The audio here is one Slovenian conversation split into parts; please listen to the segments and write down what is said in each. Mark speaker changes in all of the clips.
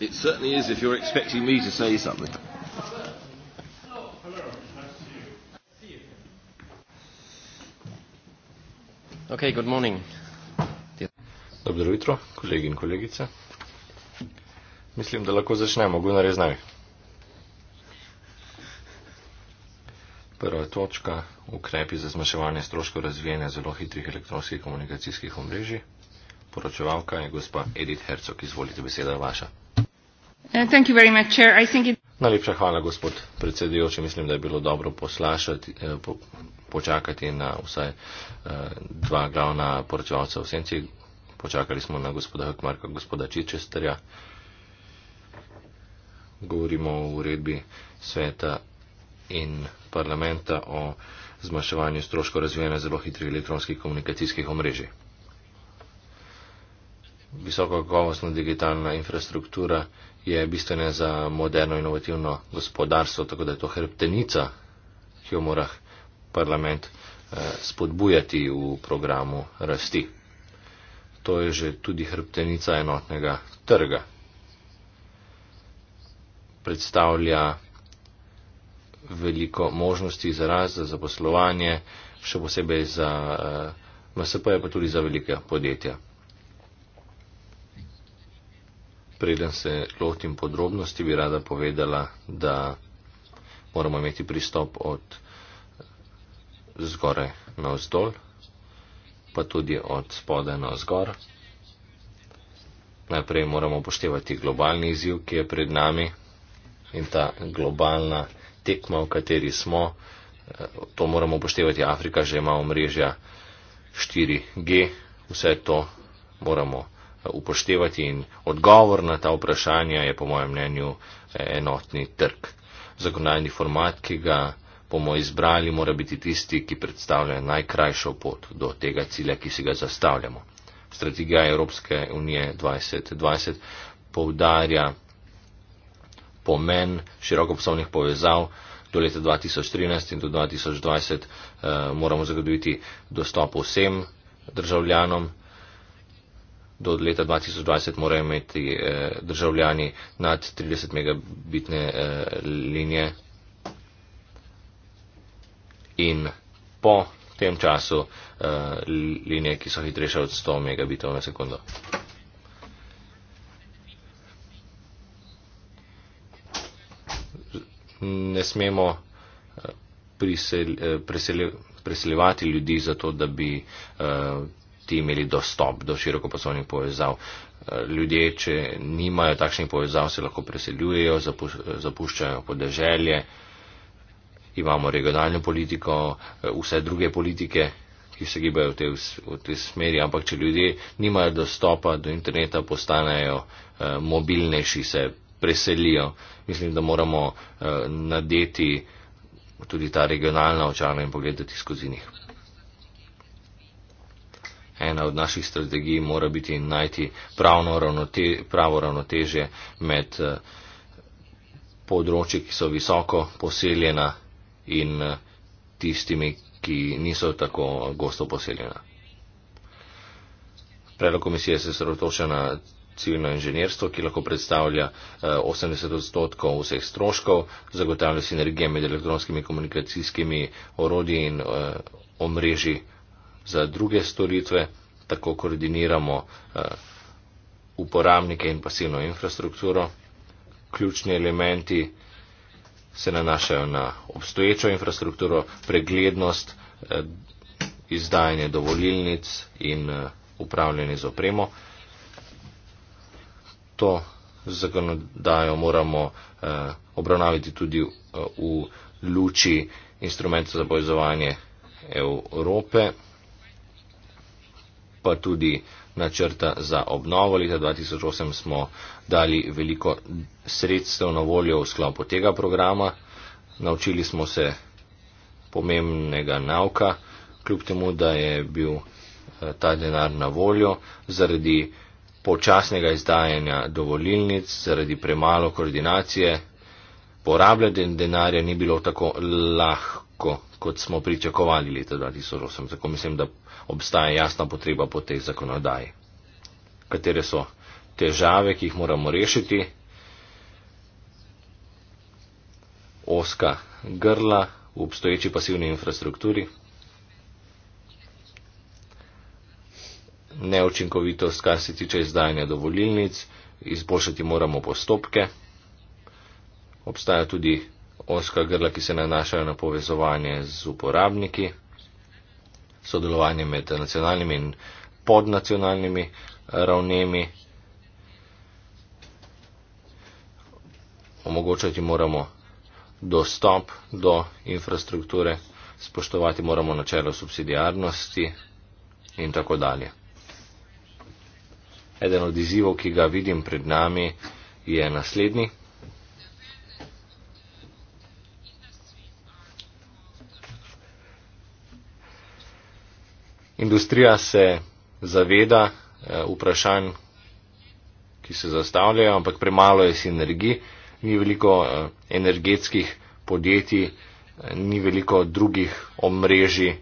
Speaker 1: It certainly is if you're expecting me to say something. Okay, good morning. Dobro jutro, kolegi in kolegice. Mislim, da lahko začnemo, gunar je z nami. Prva točka, ukrepi za zmaševanje stroškov razvijanja zelo hitrih elektronskih komunikacijskih omrežij. Poročevalka je gospa Edith Hercog, izvolite, beseda je vaša. Uh, Najlepša hvala, gospod predsedujoči. Mislim, da je bilo dobro poslašati, eh, počakati na vsaj eh, dva glavna poročevalca v senci. Počakali smo na gospoda Hkmarka, gospoda Čičestrja. Govorimo o uredbi sveta in parlamenta o zmaševanju stroškov razvijanja zelo hitrih elektronskih komunikacijskih omrežij. Visoko kakovostna digitalna infrastruktura je bistvena za moderno inovativno gospodarstvo, tako da je to hrbtenica, ki jo mora parlament eh, spodbujati v programu rasti. To je že tudi hrbtenica enotnega trga. Predstavlja veliko možnosti za rast, za zaposlovanje, še posebej za eh, MSP, pa tudi za velike podjetja. preden se lotim podrobnosti, bi rada povedala, da moramo imeti pristop od zgore na vzdolj, pa tudi od spode na zgor. Najprej moramo upoštevati globalni izziv, ki je pred nami in ta globalna tekma, v kateri smo, eh, to moramo upoštevati. Afrika že ima omrežja 4G, vse to moramo upoštevati upoštevati in odgovor na ta vprašanja je po mojem mnenju eh, enotni trg. Zakonodajni format, ki ga bomo izbrali, mora biti tisti, ki predstavlja najkrajšo pot do tega cilja, ki si ga zastavljamo. Strategija Evropske unije 2020 poudarja pomen širokopsovnih povezav. Do leta 2013 in do 2020 eh, moramo zagotoviti dostop vsem državljanom, do leta 2020 morajo imeti eh, državljani nad 30 megabitne eh, linije in po tem času eh, linije, ki so hitrejše od 100 megabitov na sekundo. Ne smemo eh, presel, eh, presel, presel, preseljevati ljudi zato, da bi eh, ti imeli dostop do širokoposobnih povezav. Eh, ljudje, če nimajo takšnih povezav, se lahko preseljujejo, zapuščajo podeželje, imamo regionalno politiko, eh, vse druge politike, ki se gibajo v tej, v tej smeri, ampak če ljudje nimajo dostopa do interneta, postanejo eh, mobilnejši, se preselijo. Mislim, da moramo nadeti tudi ta regionalna očala in pogledati skozi njih ena od naših strategij mora biti najti pravno ravnote, pravo ravnoteže med eh, področji, ki so visoko poseljena in eh, tistimi, ki niso tako gosto poseljena. Predlog komisije se sredotoča na civilno inženirstvo, ki lahko predstavlja 80 eh, odstotkov vseh stroškov, zagotavlja sinergije med elektronskimi komunikacijskimi orodji in omrežji. Uh, za druge storitve, tako koordiniramo eh, uporabnike in pasivno infrastrukturo. Ključni elementi se nanašajo na obstoječo infrastrukturo, preglednost, eh, izdajanje dovolilnic in eh, upravljanje z opremo. To zakonodajo moramo obravnaviti tudi v luči instrumenta za povezovanje Evrope pa tudi načrta za obnovo. Leta 2008 smo dali veliko sredstev na voljo v sklopu tega programa. Naučili smo se pomembnega nauka, kljub temu, da je bil eh, ta denar na voljo zaradi počasnega izdajanja dovolilnic, zaradi premalo koordinacije. Porabljanje denarja ni bilo tako lahko kot smo pričakovali leta 2008. Tako mislim, da obstaja jasna potreba po tej zakonodaji. Katere so težave, ki jih moramo rešiti? Oska grla v obstoječi pasivni infrastrukturi. Neučinkovitost, kar se tiče izdajanja dovolilnic, izboljšati moramo postopke. Obstaja tudi oska grla, ki se nanašajo na povezovanje z uporabniki, sodelovanje med nacionalnimi in podnacionalnimi eh, ravnemi. Omogočati moramo dostop do infrastrukture, spoštovati moramo načelo subsidijarnosti in tako dalje. Eden od izzivov, ki ga vidim pred nami, je naslednji. Industrija se zaveda eh, vprašanj, ki se zastavljajo, ampak premalo je sinergij, ni veliko eh, energetskih podjetij, eh, ni veliko drugih omrežji,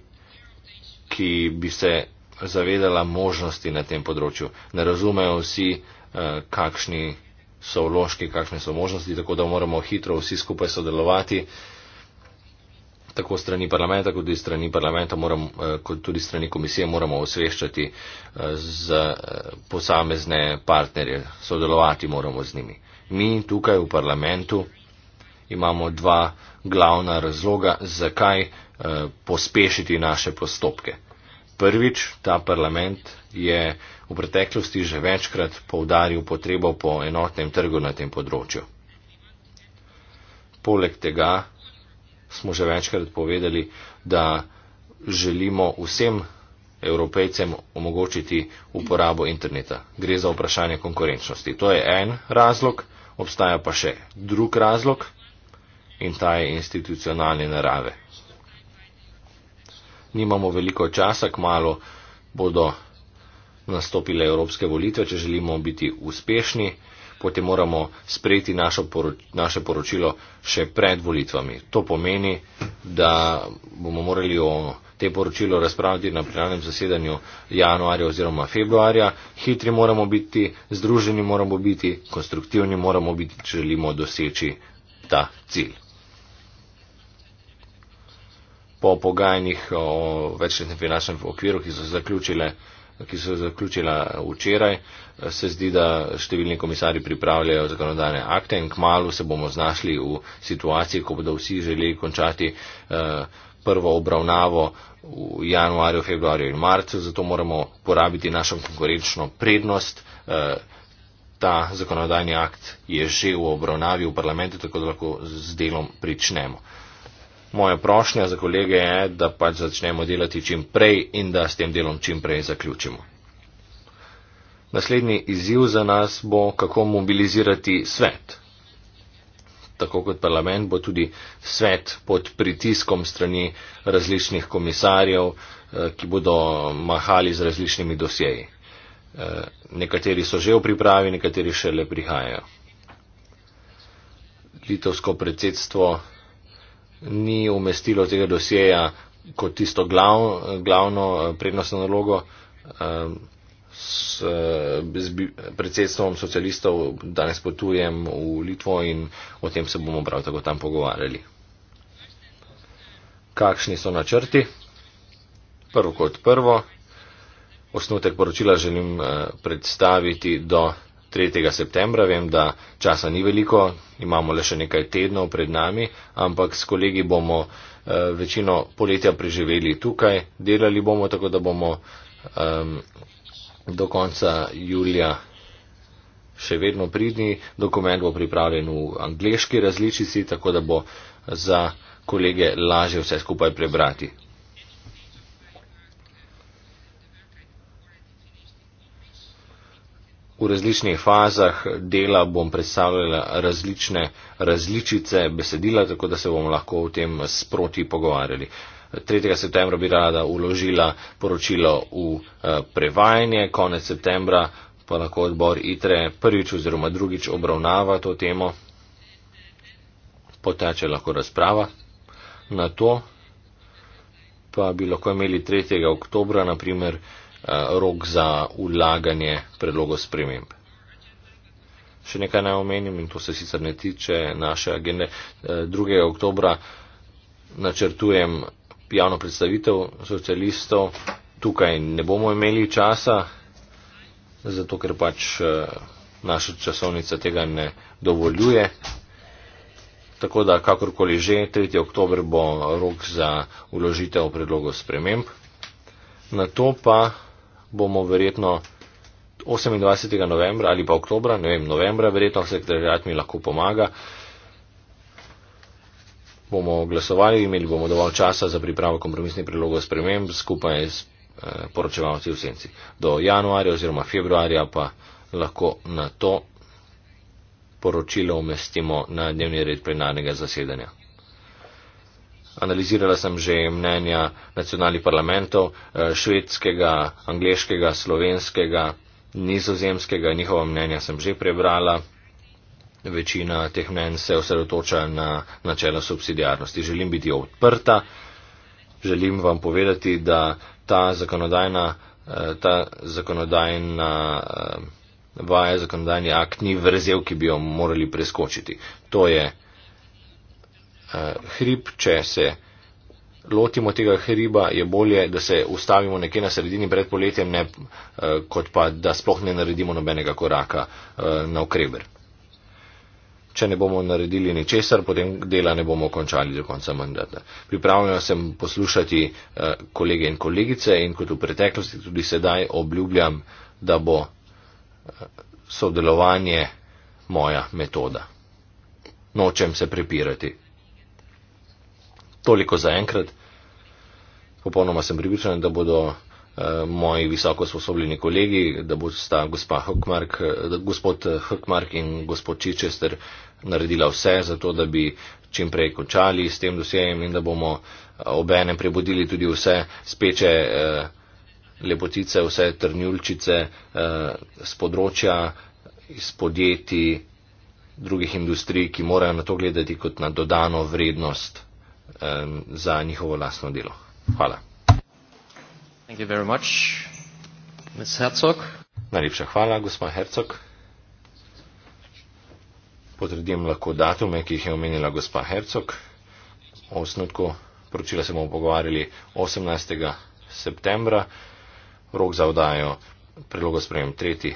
Speaker 1: ki bi se zavedala možnosti na tem področju. Ne razumejo vsi, kakšni so vložki, kakšne so možnosti, tako da moramo hitro vsi skupaj sodelovati tako strani parlamenta, kot tudi strani parlamenta, moram, eh, kot tudi strani komisije, moramo osveščati eh, z eh, posamezne partnerje, sodelovati moramo z njimi. Mi tukaj v parlamentu imamo dva glavna razloga, zakaj pospešiti naše postopke. Prvič, ta parlament je v preteklosti že večkrat povdaril potrebo po enotnem trgu na tem področju. Poleg tega, smo že večkrat povedali, da želimo vsem evropejcem omogočiti uporabo interneta. Gre za vprašanje konkurenčnosti. To je en razlog, obstaja pa še drug razlog in ta je institucionalne narave. Nimamo veliko časa, kmalo bodo nastopile evropske volitve, če želimo biti uspešni potem moramo sprejeti naše poročilo še pred volitvami. To pomeni, da bomo morali o te poročilo razpravljati na plenarnem zasedanju januarja oziroma februarja. Hitri moramo biti, združeni moramo biti, konstruktivni moramo biti, če želimo doseči ta cilj. Po pogajanjih o večletnem finančnem okviru, ki so zaključile ki so zaključila včeraj, se zdi, da številni komisari pripravljajo zakonodane akte in kmalo se bomo znašli v situaciji, ko bodo vsi želeli končati eh, prvo obravnavo v januarju, februarju in marcu, zato moramo porabiti našo konkurenčno prednost. Eh, ta zakonodajni akt je že v obravnavi v parlamentu, tako da lahko z delom pričnemo. Moja prošnja za kolege je, da pač začnemo delati čim prej in da s tem delom čim prej zaključimo. Naslednji izziv za nas bo, kako mobilizirati svet. Tako kot parlament bo tudi svet pod pritiskom strani različnih komisarjev, eh, ki bodo mahali z različnimi dosjeji. Eh, nekateri so že v pripravi, nekateri še le prihajajo. Litovsko predsedstvo ni umestilo tega dosjeja kot tisto glav, glavno eh, prednostno nalogo eh, s eh, predsedstvom socialistov. Danes potujem v Litvo in o tem se bomo prav tako tam pogovarjali. Kakšni so načrti? Prvo kot prvo, osnutek poročila želim predstaviti do 3. septembra, vem, da časa ni veliko, imamo le še nekaj tednov pred nami, ampak s kolegi bomo uh, večino poletja preživeli tukaj, delali bomo tako, da bomo um, do konca julija še vedno pridni. Dokument bo pripravljen v angliški različici, tako da bo za kolege lažje vse skupaj prebrati. V različnih fazah dela bom predstavljala različne različice besedila, tako da se bomo lahko o tem sproti pogovarjali. 3. septembra bi rada uložila poročilo v eh, prevajanje, konec septembra pa lahko odbor ITRE prvič oziroma drugič obravnava to temo, poteče lahko razprava na to, pa bi lahko imeli 3. oktobra naprimer. Eh, rok za ulaganje predlogov sprememb. Še nekaj naj omenim in to se sicer ne tiče naše agende. 2. Eh, oktober načrtujem javno predstavitev socialistov. Tukaj ne bomo imeli časa, zato ker pač eh, naša časovnica tega ne dovoljuje. Tako da kakorkoli že, 3. oktober bo rok za uložitev predlogov sprememb. Na to pa bomo verjetno 28. novembra ali pa oktobra, ne vem, novembra verjetno, vse, kar rad mi lahko pomaga, bomo glasovali, imeli bomo dovolj časa za pripravo kompromisnih prilogov sprememb skupaj s eh, poročevalci v senci. Do januarja oziroma februarja pa lahko na to poročilo umestimo na dnevni red plenarnega zasedanja analizirala sem že mnenja nacionalnih parlamentov, eh, švedskega, angliškega, slovenskega, nizozemskega, njihova mnenja sem že prebrala. Večina teh mnen se osredotoča na načelo subsidijarnosti. Želim biti odprta, želim vam povedati, da ta zakonodajna, eh, ta zakonodajna eh, vaja, zakonodajni akt ni vrzel, ki bi jo morali preskočiti. To je Eh, hrib, če se lotimo tega hriba, je bolje, da se ustavimo nekje na sredini pred poletjem, ne, eh, kot pa da sploh ne naredimo nobenega koraka eh, na okrever. Če ne bomo naredili ničesar, potem dela ne bomo končali do konca mandata. Pripravljeno sem poslušati kolege in kolegice in kot v preteklosti tudi sedaj obljubljam, da bo sodelovanje moja metoda. Nočem se prepirati toliko za enkrat. Popolnoma sem pripričan, da bodo eh, moji visoko sposobljeni kolegi, da bo sta Huckmark, gospod Hrkmark eh, in gospod Čičester naredila vse za to, da bi čim prej končali s tem dosjejem in da bomo eh, obene prebudili tudi vse speče eh, lepotice, vse trnjulčice eh, z področja, iz podjetij, drugih industrij, ki morajo na to gledati kot na dodano vrednost za njihovo lastno delo. Hvala. Thank you very much, Ms. Herzog. Najlepša hvala, gospod Herzog. Potrdim lahko datume, ki jih je omenila gospa Herzog. O osnutku poročila se bomo pogovarjali 18. septembra. Rok za odajo predlogo sprejem 3.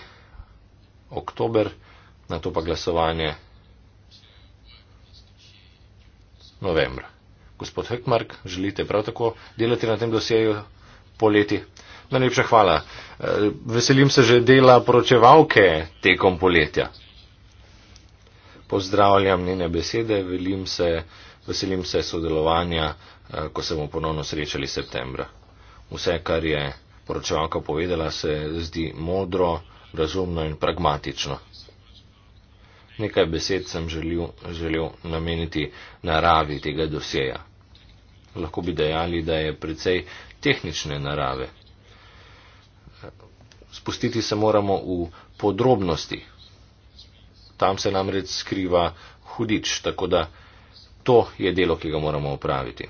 Speaker 1: oktober, na to pa glasovanje novembra gospod Hekmark, želite prav tako delati na tem dosjeju poleti? Najlepša hvala. E, veselim se že dela poročevalke tekom poletja. Pozdravljam njene besede, veselim se, veselim se sodelovanja, e, ko se bomo ponovno srečali septembra. Vse, kar je poročevalka povedala, se zdi modro, razumno in pragmatično. Nekaj besed sem želil, želil nameniti naravi tega dosjeja lahko bi dejali, da je precej tehnične narave. Spustiti se moramo v podrobnosti. Tam se namreč skriva hudič, tako da to je delo, ki ga moramo opraviti.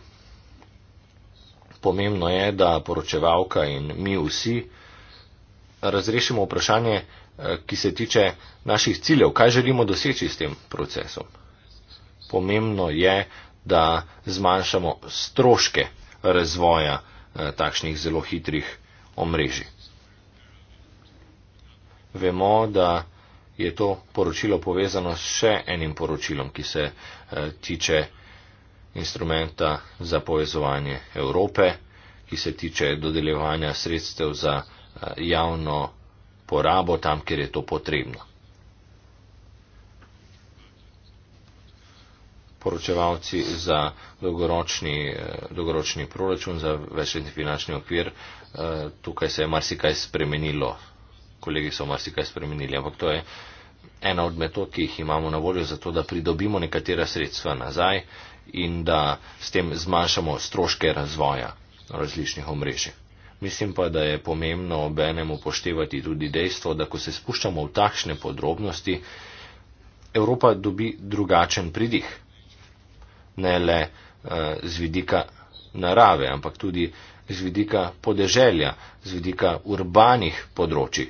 Speaker 1: Pomembno je, da poročevalka in mi vsi razrešimo vprašanje, eh, ki se tiče naših ciljev, kaj želimo doseči s tem procesom. Pomembno je, da zmanjšamo stroške razvoja eh, takšnih zelo hitrih omrežij. Vemo, da je to poročilo povezano s še enim poročilom, ki se eh, tiče instrumenta za povezovanje Evrope, ki se tiče dodeljevanja sredstev za eh, javno porabo tam, kjer je to potrebno. poročevalci za dolgoročni, eh, dolgoročni proračun, za večletni finančni okvir. Eh, tukaj se je marsikaj spremenilo, kolegi so marsikaj spremenili, ampak to je ena od metod, ki jih imamo na voljo, zato da pridobimo nekatera sredstva nazaj in da s tem zmanjšamo stroške razvoja različnih omrežij. Mislim pa, da je pomembno ob enem upoštevati tudi dejstvo, da ko se spuščamo v takšne podrobnosti, Evropa dobi drugačen pridih ne le eh, z vidika narave, ampak tudi z vidika podeželja, z vidika urbanih področji.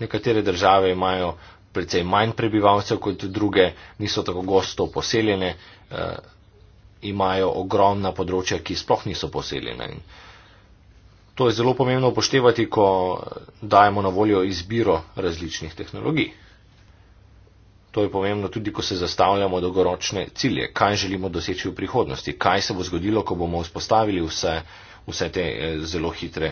Speaker 1: Nekatere države imajo precej manj prebivalcev kot druge, niso tako gosto poseljene, eh, imajo ogromna področja, ki sploh niso poseljene. To je zelo pomembno upoštevati, ko eh, dajemo na voljo izbiro različnih tehnologij. To je pomembno tudi, ko se zastavljamo dolgoročne cilje, kaj želimo doseči v prihodnosti, kaj se bo zgodilo, ko bomo vzpostavili vse, vse te eh, zelo hitre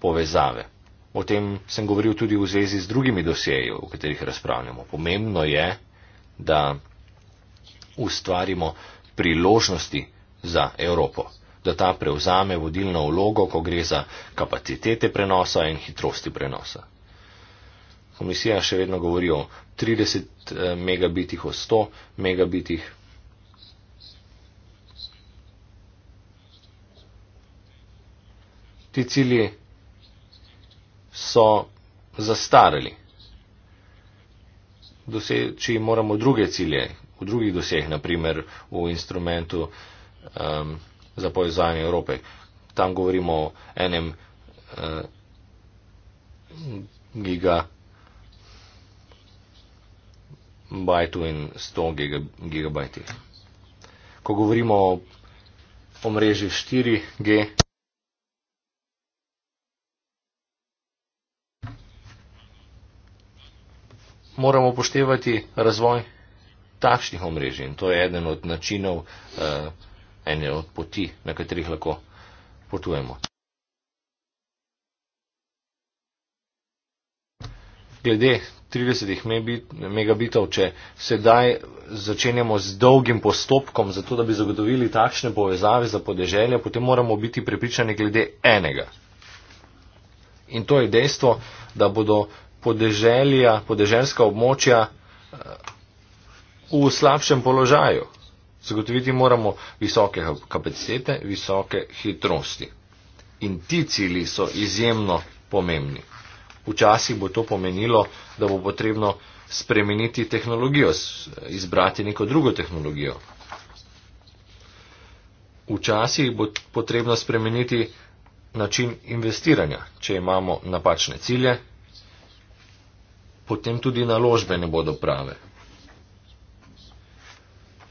Speaker 1: povezave. O tem sem govoril tudi v zvezi z drugimi dosjeji, o katerih razpravljamo. Pomembno je, da ustvarimo priložnosti za Evropo, da ta prevzame vodilno vlogo, ko gre za kapacitete prenosa in hitrosti prenosa komisija še vedno govori o 30 eh, megabitih, o 100 megabitih. Ti cilji so zastarali. Doseči moramo druge cilje, v drugih doseh, naprimer v instrumentu um, za povezanje Evrope. Tam govorimo o enem uh, eh, gigabitu bajtu in 100 gigabajti. Ko govorimo o omrežji 4G, moramo poštevati razvoj takšnih omrežij in to je eden od načinov, eh, ene od poti, na katerih lahko potujemo. glede 30 megabitov, če sedaj začenjamo z dolgim postopkom, zato da bi zagotovili takšne povezave za podeželje, potem moramo biti prepričani glede enega. In to je dejstvo, da bodo podeželja, podeželska območja eh, v slabšem položaju. Zagotoviti moramo visoke kapacitete, visoke hitrosti. In ti cili so izjemno pomembni včasih bo to pomenilo, da bo potrebno spremeniti tehnologijo, izbrati neko drugo tehnologijo. Včasih bo potrebno spremeniti način investiranja, če imamo napačne cilje, potem tudi naložbe ne bodo prave.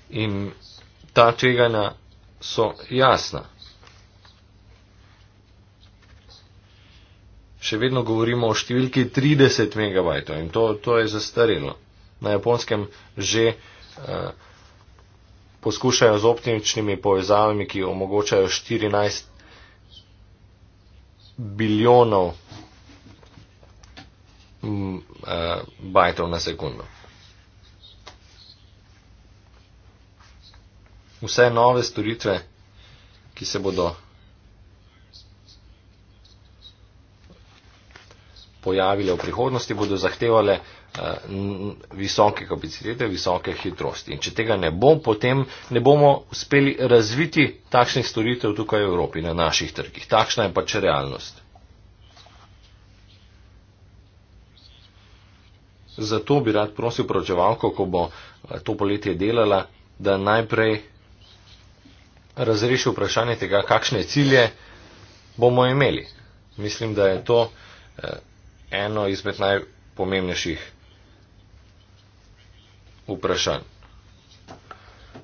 Speaker 1: In ta tveganja so jasna. še vedno govorimo o številki 30 MB in to, to je zastarelo. Na japonskem že uh, poskušajo z optimičnimi povezavami, ki omogočajo 14 biljonov uh, bajtov na sekundo. Vse nove storitve, ki se bodo pojavile v prihodnosti, bodo zahtevale eh, visoke kapacitete, visoke hitrosti. In če tega ne bo, potem ne bomo uspeli razviti takšnih storitev tukaj v Evropi na naših trgih. Takšna je pač realnost. Zato bi rad prosil pročevalko, ko bo eh, to poletje delala, da najprej razreši vprašanje tega, kakšne cilje bomo imeli. Mislim, da je to eh, eno izmed najpomembnejših vprašanj.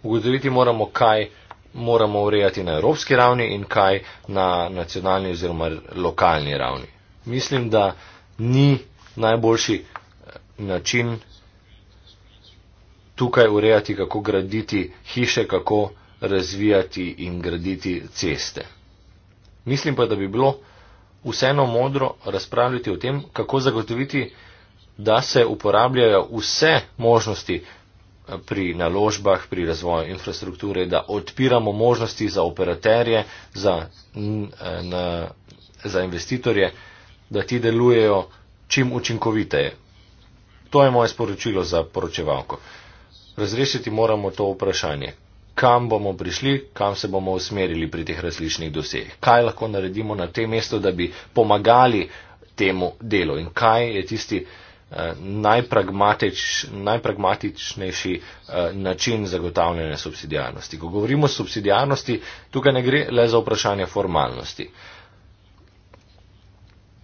Speaker 1: Ugotoviti moramo, kaj moramo urejati na evropski ravni in kaj na nacionalni oziroma lokalni ravni. Mislim, da ni najboljši eh, način tukaj urejati, kako graditi hiše, kako razvijati in graditi ceste. Mislim pa, da bi bilo vseeno modro razpravljati o tem, kako zagotoviti, da se uporabljajo vse možnosti eh, pri naložbah, pri razvoju infrastrukture, da odpiramo možnosti za operaterje, za, eh, na, za investitorje, da ti delujejo čim učinkoviteje. To je moje sporočilo za poročevalko. Razrešiti moramo to vprašanje, kam bomo prišli, kam se bomo usmerili pri teh različnih dosegih. Kaj lahko naredimo na tem mestu, da bi pomagali temu delu in kaj je tisti eh, najpragmatič, najpragmatičnejši eh, način zagotavljanja subsidijarnosti. Ko govorimo o subsidijarnosti, tukaj ne gre le za vprašanje formalnosti.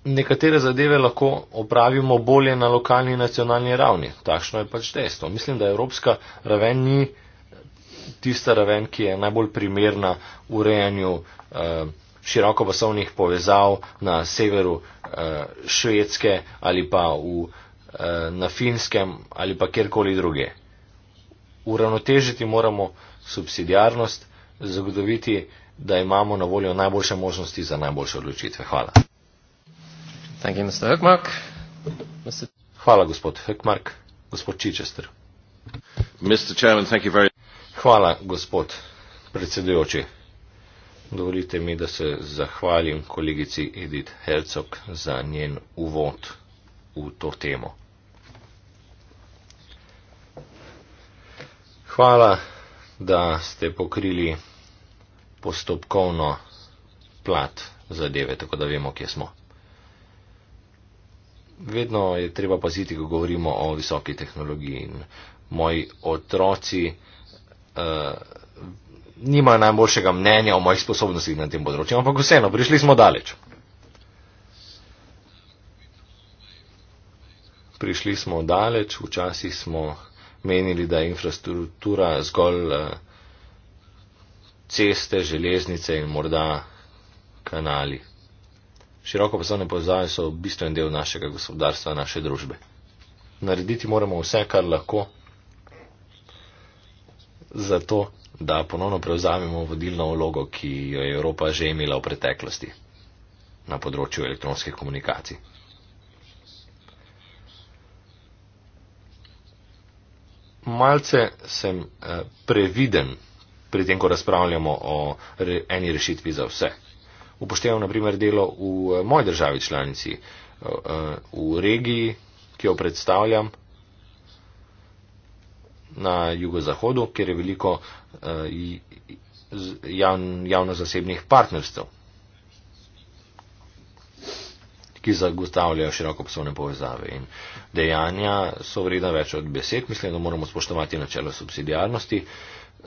Speaker 1: Nekatere zadeve lahko opravimo bolje na lokalni in nacionalni ravni. Takšno je pač dejstvo. Mislim, da evropska raven ni tista raven, ki je najbolj primerna urejanju eh, širokopasovnih povezav na severu eh, Švedske ali pa v, eh, na Finskem ali pa kjerkoli druge. Uravnotežiti moramo subsidijarnost, zagotoviti, da imamo na voljo najboljše možnosti za najboljše odločitve. Hvala. Hvala, gospod Hekmark. Gospod Čičester. Mr. Chairman, thank you very much. Hvala, gospod predsedujoči. Dovolite mi, da se zahvalim kolegici Edith Herzog za njen uvod v to temo. Hvala, da ste pokrili postopkovno plat zadeve, tako da vemo, kje smo. Vedno je treba paziti, ko govorimo o visoki tehnologiji in moji otroci Eh, nimajo najboljšega mnenja o mojih sposobnostih na tem področju, ampak vseeno, prišli smo daleč. Prišli smo daleč, včasih smo menili, da je infrastruktura zgolj eh, ceste, železnice in morda kanali. Široko poslovne povezave so bistven del našega gospodarstva, naše družbe. Narediti moramo vse, kar lahko za to, da ponovno prevzamemo vodilno vlogo, ki jo je Evropa že imela v preteklosti na področju elektronskih komunikacij. Malce sem eh, previden pri tem, ko razpravljamo o eni rešitvi za vse. Upoštevam naprimer delo v eh, moji državi članici, eh, v regiji, ki jo predstavljam, na jugozahodu, kjer je veliko eh, javno-zasebnih partnerstv, ki zagotavljajo široko poslovne povezave. In dejanja so vredna več od besed. Mislim, da moramo spoštovati načelo subsidijarnosti,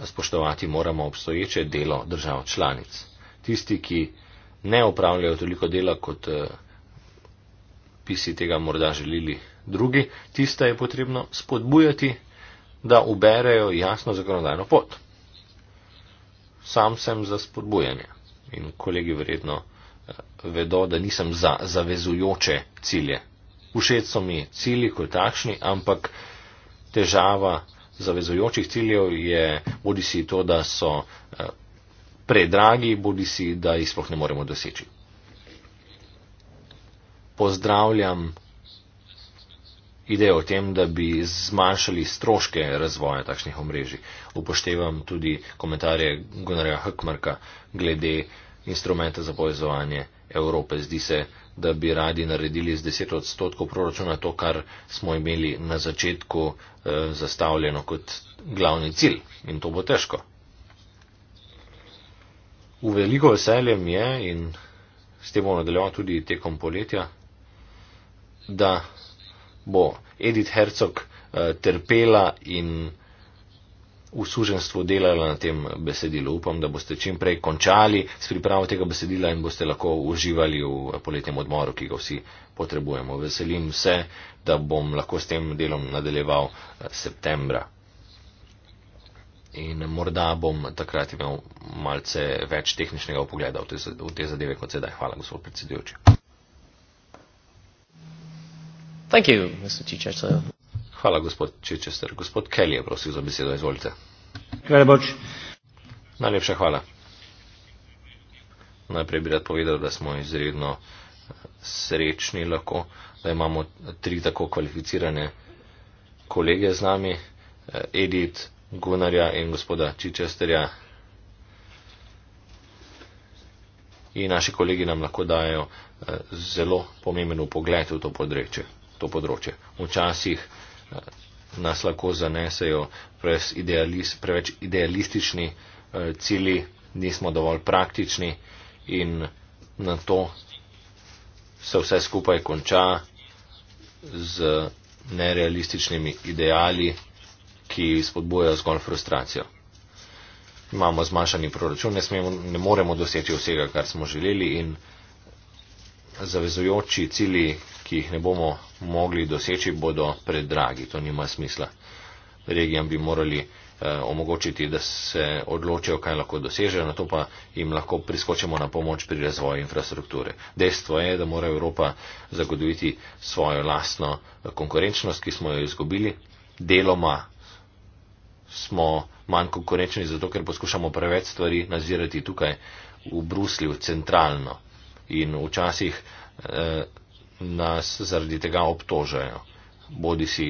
Speaker 1: spoštovati moramo obstoječe delo držav članic. Tisti, ki ne upravljajo toliko dela, kot eh, bi si tega morda želili drugi, tiste je potrebno spodbujati da uberejo jasno zakonodajno pot. Sam sem za spodbujanje in kolegi verjetno eh, vedo, da nisem za zavezujoče cilje. Všeč so mi cilji kot takšni, ampak težava zavezujočih ciljev je bodi si to, da so eh, predragi, bodi si, da jih sploh ne moremo doseči. Pozdravljam ideje o tem, da bi zmanjšali stroške razvoja takšnih omrežij. Upoštevam tudi komentarje Gunarja Hkmarka glede instrumenta za povezovanje Evrope. Zdi se, da bi radi naredili z 10 odstotkov proračuna to, kar smo imeli na začetku eh, zastavljeno kot glavni cilj. In to bo težko. V veliko veselje mi je in s tem bomo nadaljevali tudi tekom poletja, da bo Edith Herzog eh, trpela in v suženstvu delala na tem besedilu. Upam, da boste čim prej končali s pripravo tega besedila in boste lahko uživali v poletnem odmoru, ki ga vsi potrebujemo. Veselim se, da bom lahko s tem delom nadaljeval eh, septembra. In morda bom takrat imel malce več tehničnega pogleda v te zadeve kot sedaj. Hvala, gospod predsedujoči. Thank you, Mr. Chichester. Hvala, gospod Chichester. Gospod Kelly je prosil za besedo. Izvolite. Kvereboč. Najlepša hvala. Najprej bi rad povedal, da smo izredno srečni lahko, da imamo tri tako kvalificirane kolege z nami, Edith, Gunarja in gospoda Čičesterja. In naši kolegi nam lahko dajo eh, zelo pomemben pogled v to področje to področje. Včasih eh, nas lahko zanesejo idealist, preveč idealistični eh, cili, nismo dovolj praktični in na to se vse skupaj konča z nerealističnimi ideali, ki spodbujajo zgolj frustracijo. Imamo zmanjšani proračun, ne, smemo, ne moremo doseči vsega, kar smo želeli in zavezujoči cili, ki jih ne bomo mogli doseči, bodo predragi. To nima smisla. Regijam bi morali eh, omogočiti, da se odločijo, kaj lahko dosežejo, na to pa jim lahko priskočimo na pomoč pri razvoju infrastrukture. Dejstvo je, da mora Evropa zagotoviti svojo lastno konkurenčnost, ki smo jo izgubili. Deloma smo manj konkurenčni, zato ker poskušamo preveč stvari nazirati tukaj v Bruslju centralno. In včasih eh, nas zaradi tega obtožajo, bodi si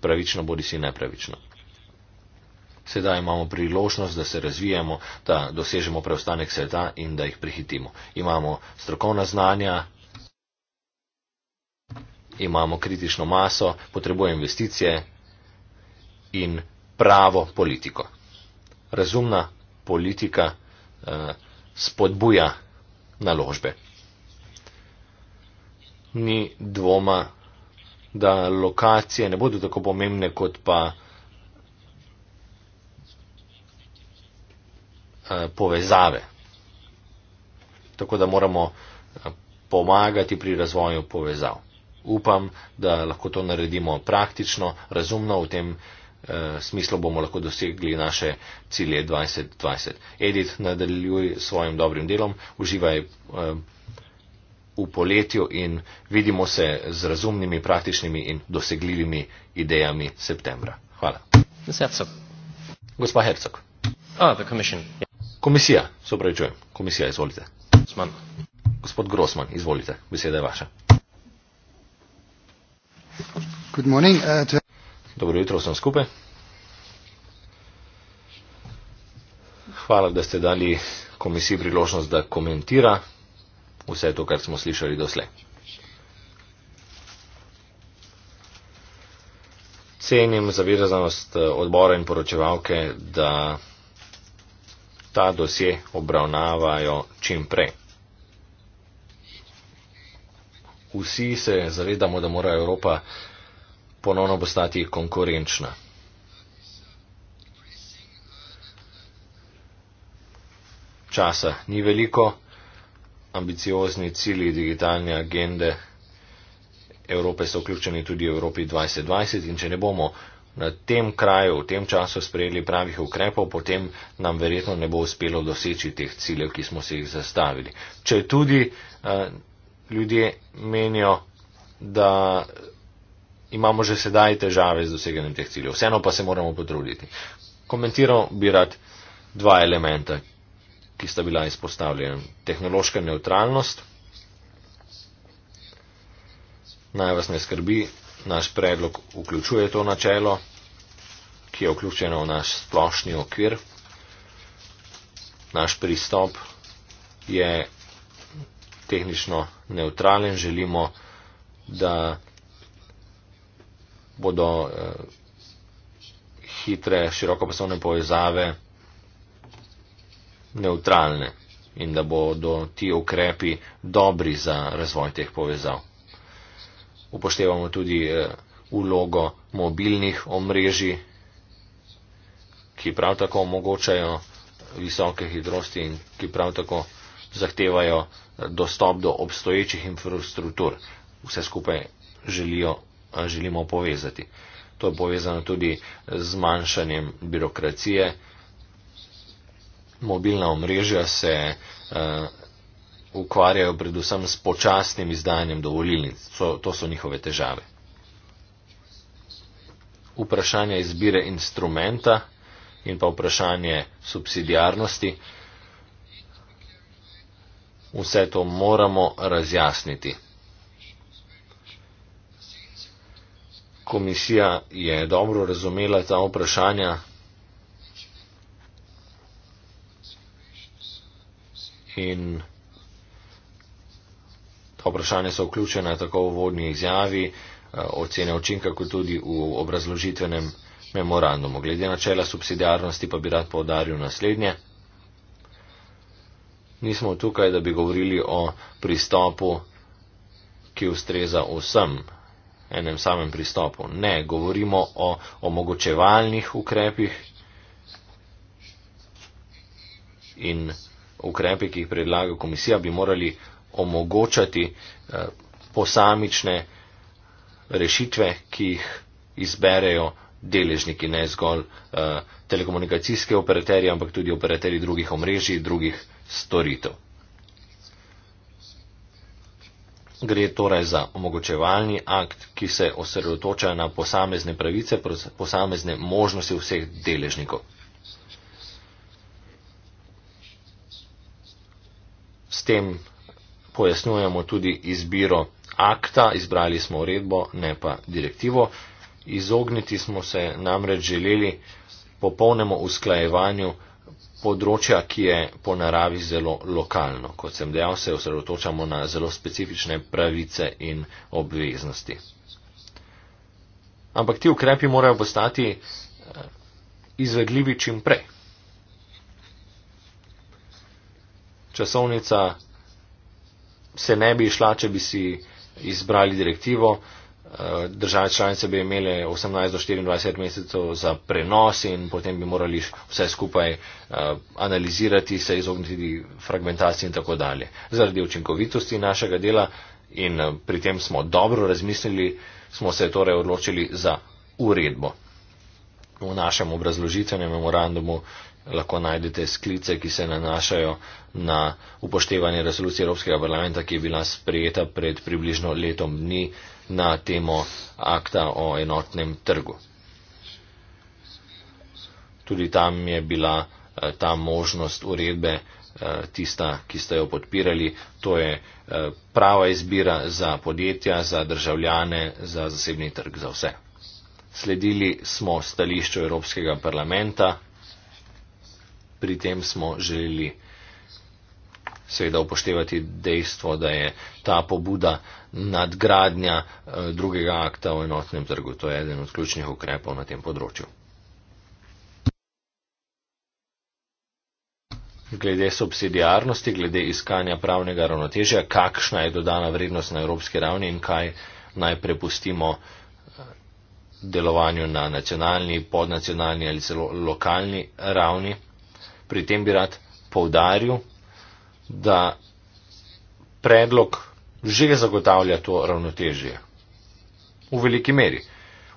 Speaker 1: pravično, bodi si nepravično. Sedaj imamo priložnost, da se razvijamo, da dosežemo preostanek sveta in da jih prehitimo. Imamo strokovna znanja, imamo kritično maso, potrebujemo investicije in pravo politiko. Razumna politika eh, spodbuja naložbe ni dvoma, da lokacije ne bodo tako pomembne kot pa eh, povezave. Tako da moramo eh, pomagati pri razvoju povezav. Upam, da lahko to naredimo praktično, razumno, v tem eh, smislu bomo lahko dosegli naše cilje 2020. Edith, nadaljuj s svojim dobrim delom, uživaj. Eh, v poletju in vidimo se z razumnimi, praktičnimi in dosegljivimi idejami septembra. Hvala. Gospa Hercog. Ah, komisija, se upravičujem, komisija, izvolite. Grossman. Gospod Grossman, izvolite, beseda je vaša. Morning, uh, to... Dobro jutro vsem skupaj. Hvala, da ste dali komisiji priložnost, da komentira vse to, kar smo slišali doslej. Cenim zavezanost eh, odbora in poročevalke, da ta dosje obravnavajo čim prej. Vsi se zavedamo, da mora Evropa ponovno postati konkurenčna. Časa ni veliko ambiciozni cilji digitalne agende Evrope so vključeni tudi v Evropi 2020 in če ne bomo na tem kraju, v tem času sprejeli pravih ukrepov, potem nam verjetno ne bo uspelo doseči teh ciljev, ki smo si jih zastavili. Če tudi uh, ljudje menijo, da imamo že sedaj težave z doseganjem teh ciljev, vseeno pa se moramo potruditi. Komentiral bi rad dva elementa, ki sta bila izpostavljena. Tehnološka neutralnost. Naj vas ne skrbi, naš predlog vključuje to načelo, ki je vključeno v naš splošni okvir. Naš pristop je tehnično neutralen, želimo, da bodo eh, hitre, širokopasovne povezave neutralne in da bodo ti ukrepi dobri za razvoj teh povezav. Upoštevamo tudi ulogo eh, mobilnih omrežij, ki prav tako omogočajo visoke hitrosti in ki prav tako zahtevajo eh, dostop do obstoječih infrastruktur. Vse skupaj želijo, želimo povezati. To je povezano tudi z manjšanjem birokracije mobilna omrežja se uh, ukvarjajo predvsem s počasnim izdajanjem dovolilnic. To, to so njihove težave. Vprašanje izbire instrumenta in pa vprašanje subsidijarnosti. Vse to moramo razjasniti. Komisija je dobro razumela ta vprašanja, in ta vprašanja so vključena tako v vodni izjavi, eh, ocene učinka, kot tudi v obrazložitvenem memorandumu. Glede načela subsidijarnosti pa bi rad povdaril naslednje. Nismo tukaj, da bi govorili o pristopu, ki ustreza vsem, enem samem pristopu. Ne, govorimo o omogočevalnih ukrepih in ukrepi, ki jih predlaga komisija, bi morali omogočati eh, posamične rešitve, ki jih izberejo deležniki, ne zgolj eh, telekomunikacijske operaterje, ampak tudi operaterji drugih omrežij, drugih storitev. Gre torej za omogočevalni akt, ki se osredotoča na posamezne pravice, posamezne možnosti vseh deležnikov. tem pojasnjujemo tudi izbiro akta, izbrali smo uredbo, ne pa direktivo. Izogniti smo se namreč želeli popolnemu usklajevanju področja, ki je po naravi zelo lokalno. Kot sem dejal, se osredotočamo na zelo specifične pravice in obveznosti. Ampak ti ukrepi morajo postati eh, izvedljivi čim prej. časovnica se ne bi šla, če bi si izbrali direktivo. Eh, države članice bi imele 18 do 24 mesecev za prenos in potem bi morali vse skupaj eh, analizirati, se izogniti fragmentaciji in tako dalje. Zaradi učinkovitosti našega dela in eh, pri tem smo dobro razmislili, smo se torej odločili za uredbo. V našem obrazložitvenem memorandumu uh, lahko najdete sklice, ki se nanašajo na upoštevanje resolucije Evropskega parlamenta, ki je bila sprejeta pred približno letom dni na temo akta o enotnem trgu. Tudi tam je bila eh, ta možnost uredbe eh, tista, ki ste jo podpirali. To je eh, prava izbira za podjetja, za državljane, za zasebni trg, za vse. Sledili smo stališču Evropskega parlamenta pri tem smo želeli seveda upoštevati dejstvo, da je ta pobuda nadgradnja eh, drugega akta o enotnem trgu. To je eden od ključnih ukrepov na tem področju. Glede subsidijarnosti, glede iskanja pravnega ravnotežja, kakšna je dodana vrednost na evropski ravni in kaj naj prepustimo eh, delovanju na nacionalni, podnacionalni ali celo lokalni ravni pri tem bi rad povdaril, da predlog že zagotavlja to ravnotežje. V veliki meri.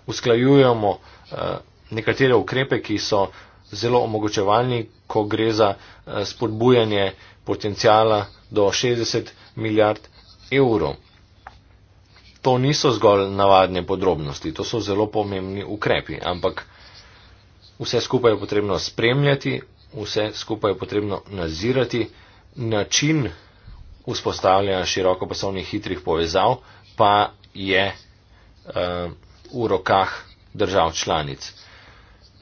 Speaker 1: Usklajujemo eh, nekatere ukrepe, ki so zelo omogočevalni, ko gre za eh, spodbujanje potencijala do 60 milijard evrov. To niso zgolj navadne podrobnosti, to so zelo pomembni ukrepi, ampak vse skupaj je potrebno spremljati, vse skupaj je potrebno nazirati. Način vzpostavljanja širokopasovnih hitrih povezav pa je eh, v rokah držav članic.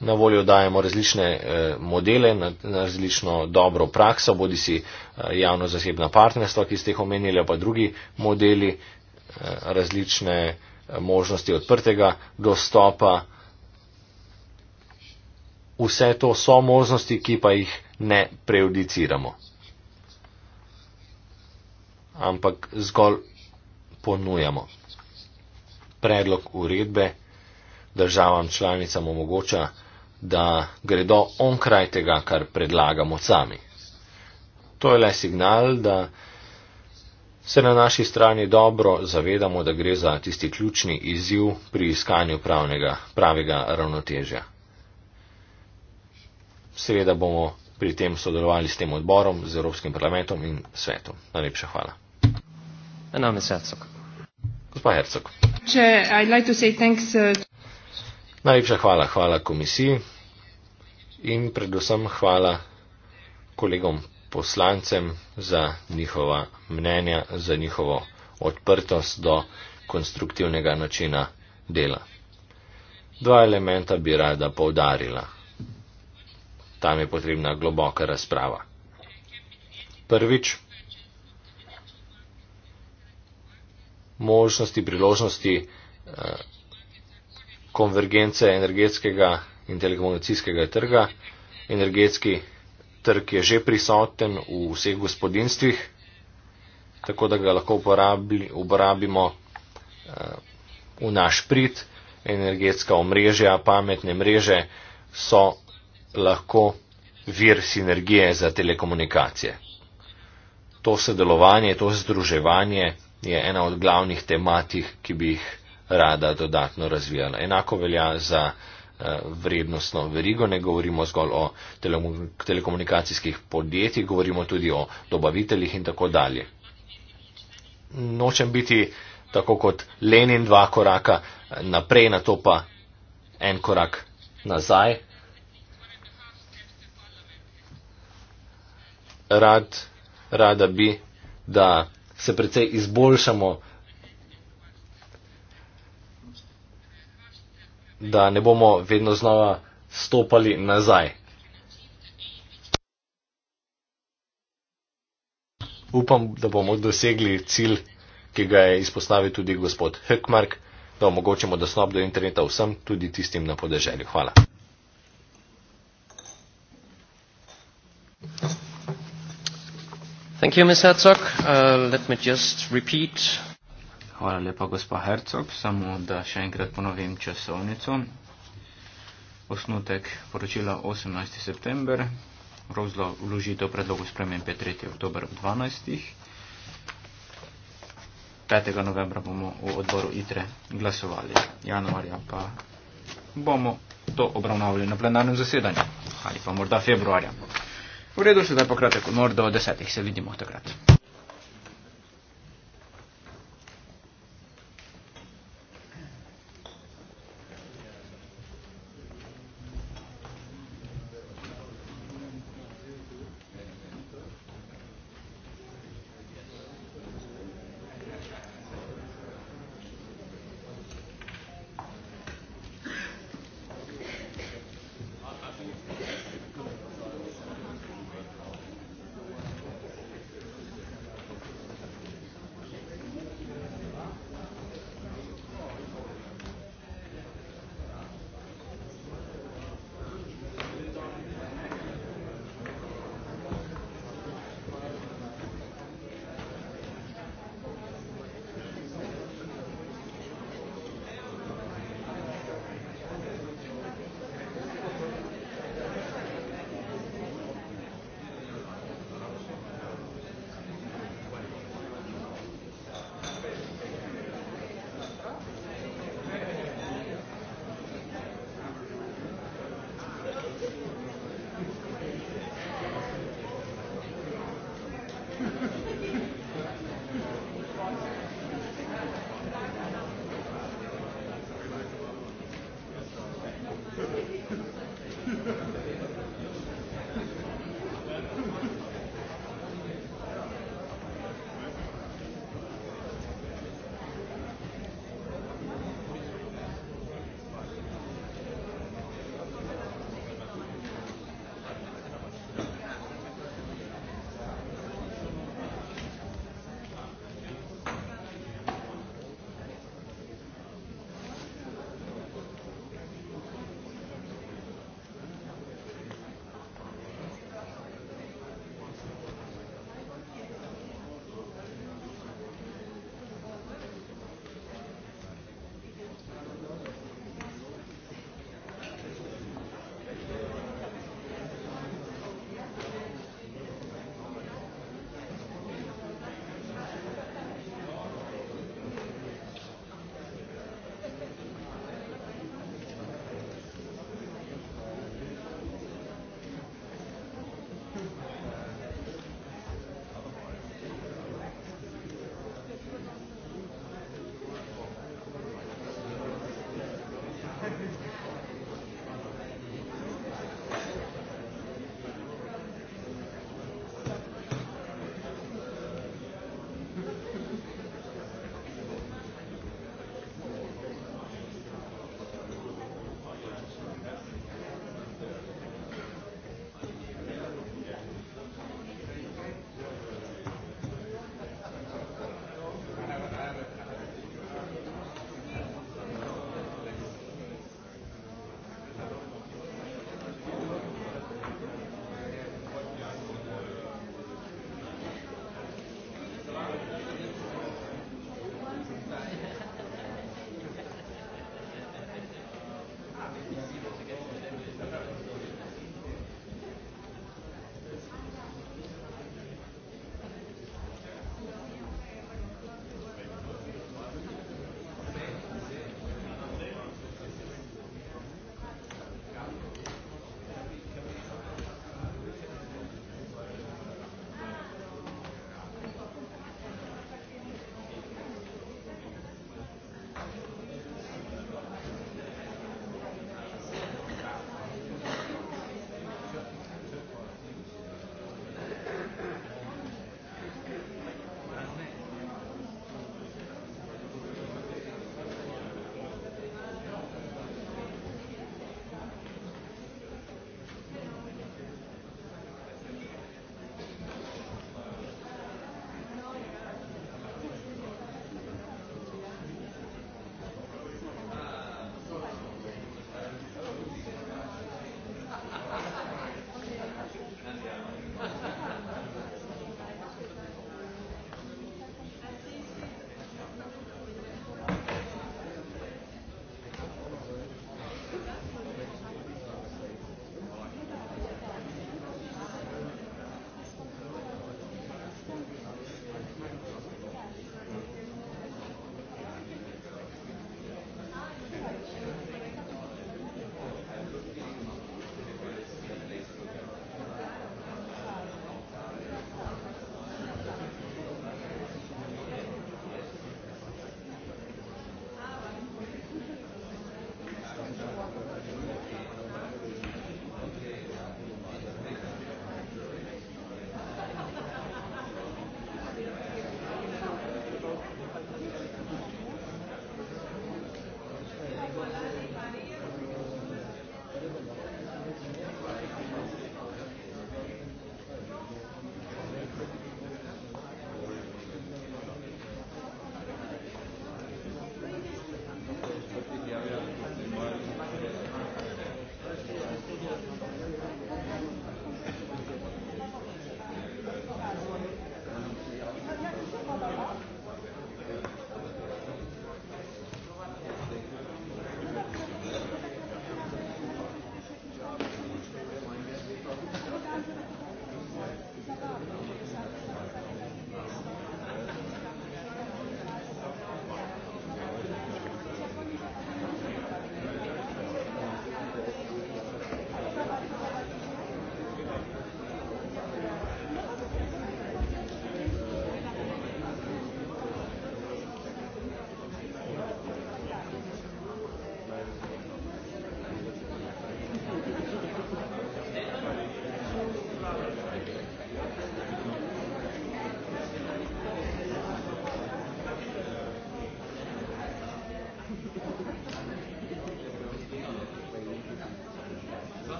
Speaker 1: Na voljo dajemo različne eh, modele, na, na različno dobro prakso, bodi si eh, javno-zasebna partnerstva, ki ste jih omenili, pa drugi modeli, različne možnosti odprtega dostopa vse to so možnosti, ki pa jih ne prejudiciramo. Ampak zgolj ponujamo. Predlog uredbe državam članicam omogoča, da gredo onkraj tega, kar predlagamo sami. To je le signal, da se na naši strani dobro zavedamo, da gre za tisti ključni izziv pri iskanju pravnega, pravega ravnotežja seveda bomo pri tem sodelovali s tem odborom, z Evropskim parlamentom in svetom. Najlepša hvala. Gospod Hercog. Uh, Najlepša hvala, hvala komisiji in predvsem hvala kolegom poslancem za njihova mnenja, za njihovo odprtost do konstruktivnega načina dela. Dva elementa bi rada poudarila tam je potrebna globoka razprava. Prvič, možnosti, priložnosti eh, konvergence energetskega in telekomunikacijskega trga. Energetski trg je že prisoten v vseh gospodinstvih, tako da ga lahko uporabi, uporabimo eh, v naš prid. Energetska omrežja, pametne mreže so lahko vir sinergije za telekomunikacije. To sodelovanje, to združevanje je ena od glavnih tematik, ki bi jih rada dodatno razvijala. Enako velja za eh, vrednostno verigo, ne govorimo zgolj o telekomunikacijskih podjetjih, govorimo tudi o dobaviteljih in tako dalje. Nočem biti tako kot Lenin dva koraka eh, naprej, na to pa en korak nazaj, rad, rada bi, da se precej izboljšamo, da ne bomo vedno znova stopali nazaj. Upam, da bomo dosegli cilj, ki ga je izpostavil tudi gospod Hökmark, da omogočimo dostop do interneta vsem, tudi tistim na podeželju. Hvala. Thank you, Ms. Herzog. Uh, let me just
Speaker 2: repeat. Hvala lepa, gospa Herzog. Samo da še enkrat ponovim časovnico. Osnutek poročila 18. september, rozlo vložitev predlogu spremem 5. 3. oktober ob 12. 5. novembra bomo v odboru ITRE glasovali, januarja pa bomo to obravnavali na plenarnem zasedanju ali pa morda februarja. V redu, sedaj pa kratek odmor, do desetih se vidimo takrat.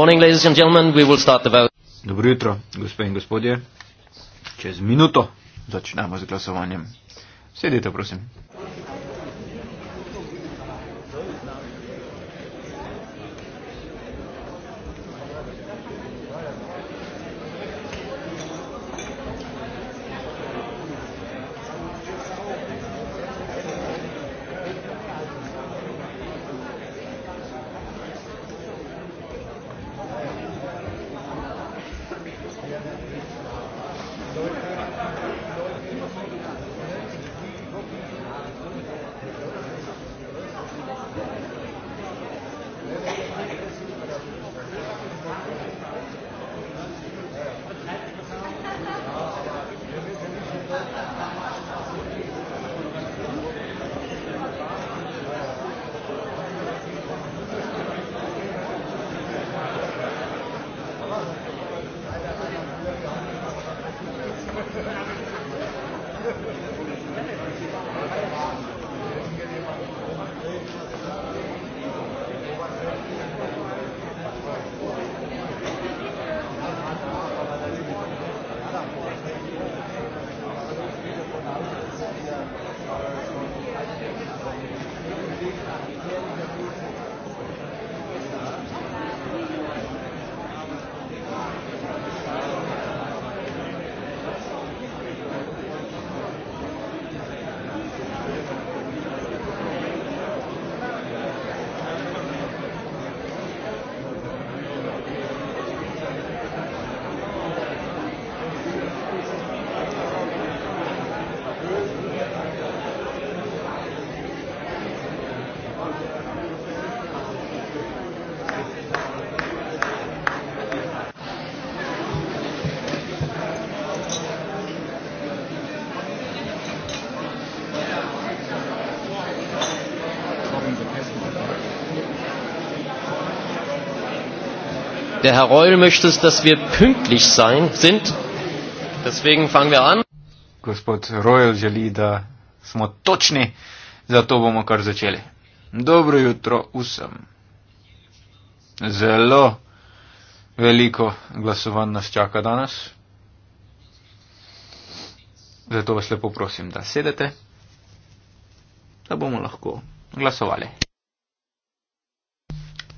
Speaker 3: Morning, and we will start the vote. Dobro jutro,
Speaker 2: gospe in gospodje. Čez minuto začnemo z glasovanjem. Sedite, prosim.
Speaker 3: Der Herr Reul möchte, dass wir pünktlich sein,
Speaker 2: sind. Deswegen fangen wir an. Gospod Reul želi, da smo točni, zato bomo kar začeli. Dobro jutro vsem. Zelo veliko glasovanj nas čaka danes. Zato vas lepo prosim, da sedete, da bomo lahko glasovali.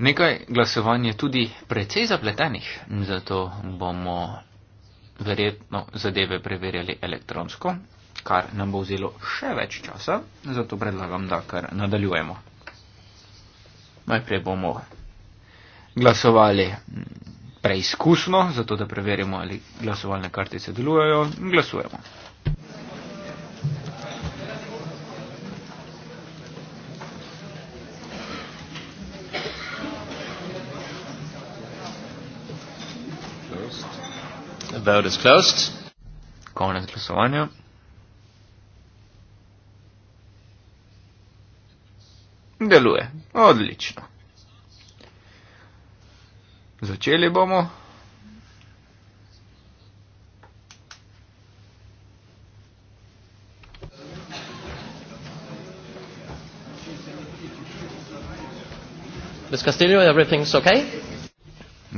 Speaker 2: Nekaj glasovanj je tudi precej zapletenih, zato bomo verjetno zadeve preverjali elektronsko, kar nam bo vzelo še več časa, zato predlagam, da kar nadaljujemo. Najprej bomo glasovali preizkusno, zato da preverimo, ali glasovalne kartice delujejo in glasujemo. The vote is closed. Konec glasovanja. Deluje. Odlično. Začeli bomo.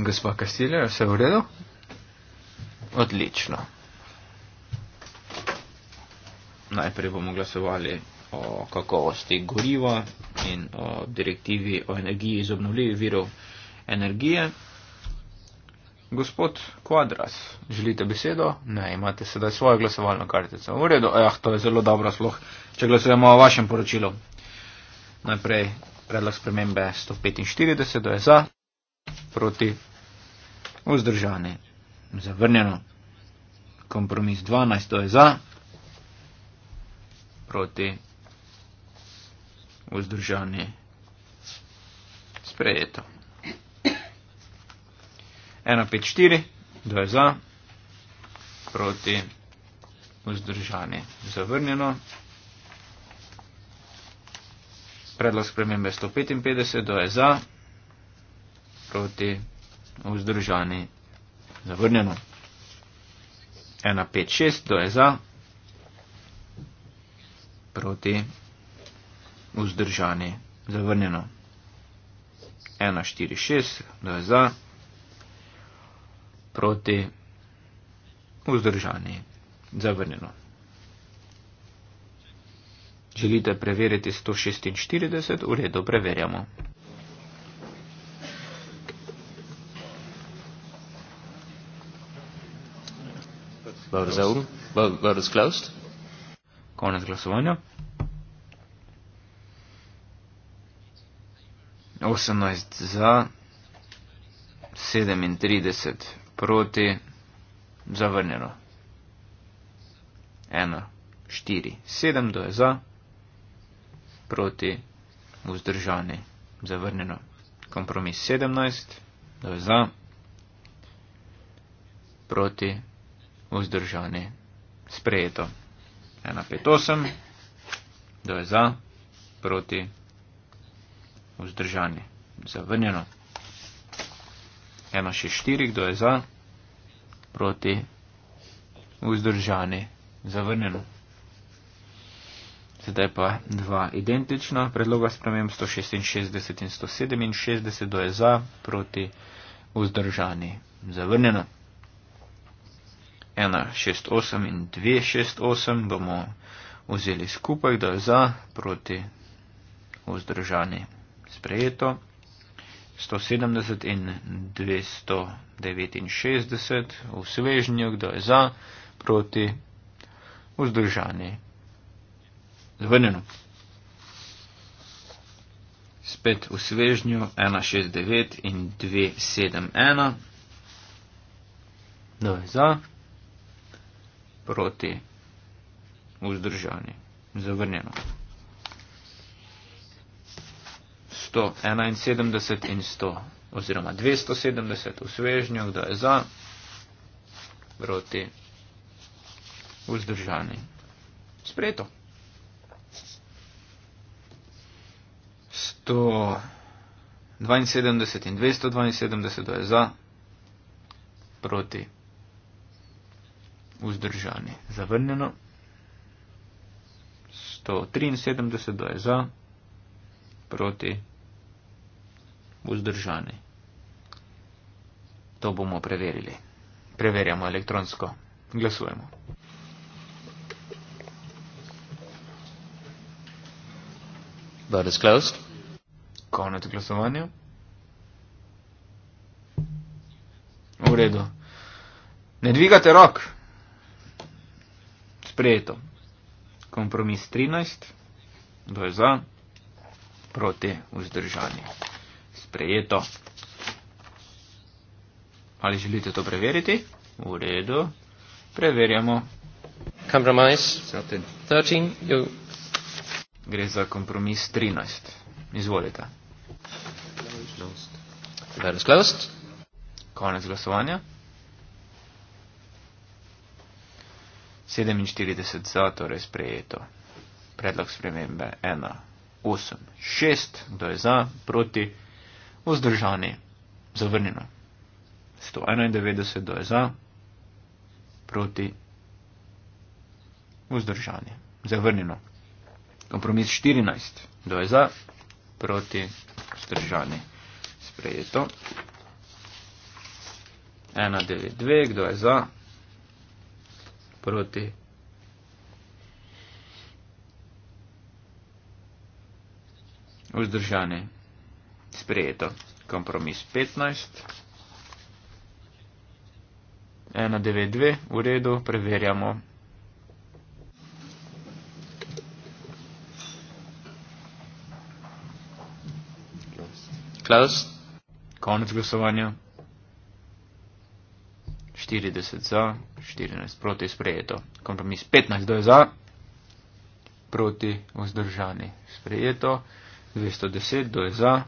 Speaker 2: Gospod Castillo, vse v redu? Odlično. Najprej bomo glasovali o kakovosti goriva in o direktivi o energiji iz obnovljivih virov energije. Gospod Kvadras, želite besedo? Ne, imate sedaj svojo glasovalno kartico. V redu, eh, to je zelo dobro sloh, če glasujemo o vašem poročilu. Najprej predlog spremembe 145, da je za, proti, vzdržani zavrnjeno. Kompromis 12, to je za, proti, vzdržanje, sprejeto. 1-5-4, to je za, proti, vzdržanje, zavrnjeno. Predlog spremembe 155, to je za, proti, vzdržanje, sprejeto zavrnjeno. 1, 5, 6, kdo je za, proti, vzdržani, zavrnjeno. 1, 4, 6, kdo je za, proti, vzdržani, zavrnjeno. Želite preveriti 146? V redu, preverjamo. Vote is open. Vote, vote is closed. Konec glasovanja. 18 za, 37 proti, zavrnjeno. 1, 4, 7 do je za, proti, vzdržani, zavrnjeno. Kompromis 17, do je za, proti, vzdržani vzdržani. Sprejeto. 158, kdo je za, proti, vzdržani. Zavrnjeno. 164, kdo je za, proti, vzdržani. Zavrnjeno. Sedaj pa dva identična predloga sprememb 166 in 167, kdo je za, proti, vzdržani. Zavrnjeno. 168 in 268 bomo vzeli skupaj, da je za, proti, vzdržani, sprejeto. 170 in 269 v svežnju, kdo je za, proti, vzdržani, zvrnjeno. Spet v svežnju 169 in 271, kdo je za proti vzdržanju. Zavrnjeno. 171 in 100 oziroma 270 v svežnju, kdo je za, proti vzdržanju. Spreto. 172 in 272 je za, proti vzdržanju vzdržani. Zavrnjeno. 173 do je za, proti vzdržani. To bomo preverili. Preverjamo elektronsko. Glasujemo. Vote is closed. Konec glasovanja. V redu. Ne dvigate rok sprejeto. Kompromis 13, kdo je za, proti vzdržanju. Sprejeto. Ali želite to preveriti? V redu. Preverjamo. Kompromis 13. Gre za kompromis 13. Izvolite. Konec glasovanja. 47 za, torej sprejeto. Predlog spremembe 1, 8, 6, kdo je za, proti, vzdržani, zavrnjeno. 191, kdo je za, proti, vzdržani, zavrnjeno. Kompromis 14, kdo je za, proti, vzdržani, sprejeto. 192, kdo je za, proti. Vzdržane. Sprejeto. Kompromis 15. 192. V redu. Preverjamo. Klaus. Konec glasovanja. 40 za, 14 proti sprejeto. Kompromis 15 do za, proti vzdržani sprejeto. 210 do za,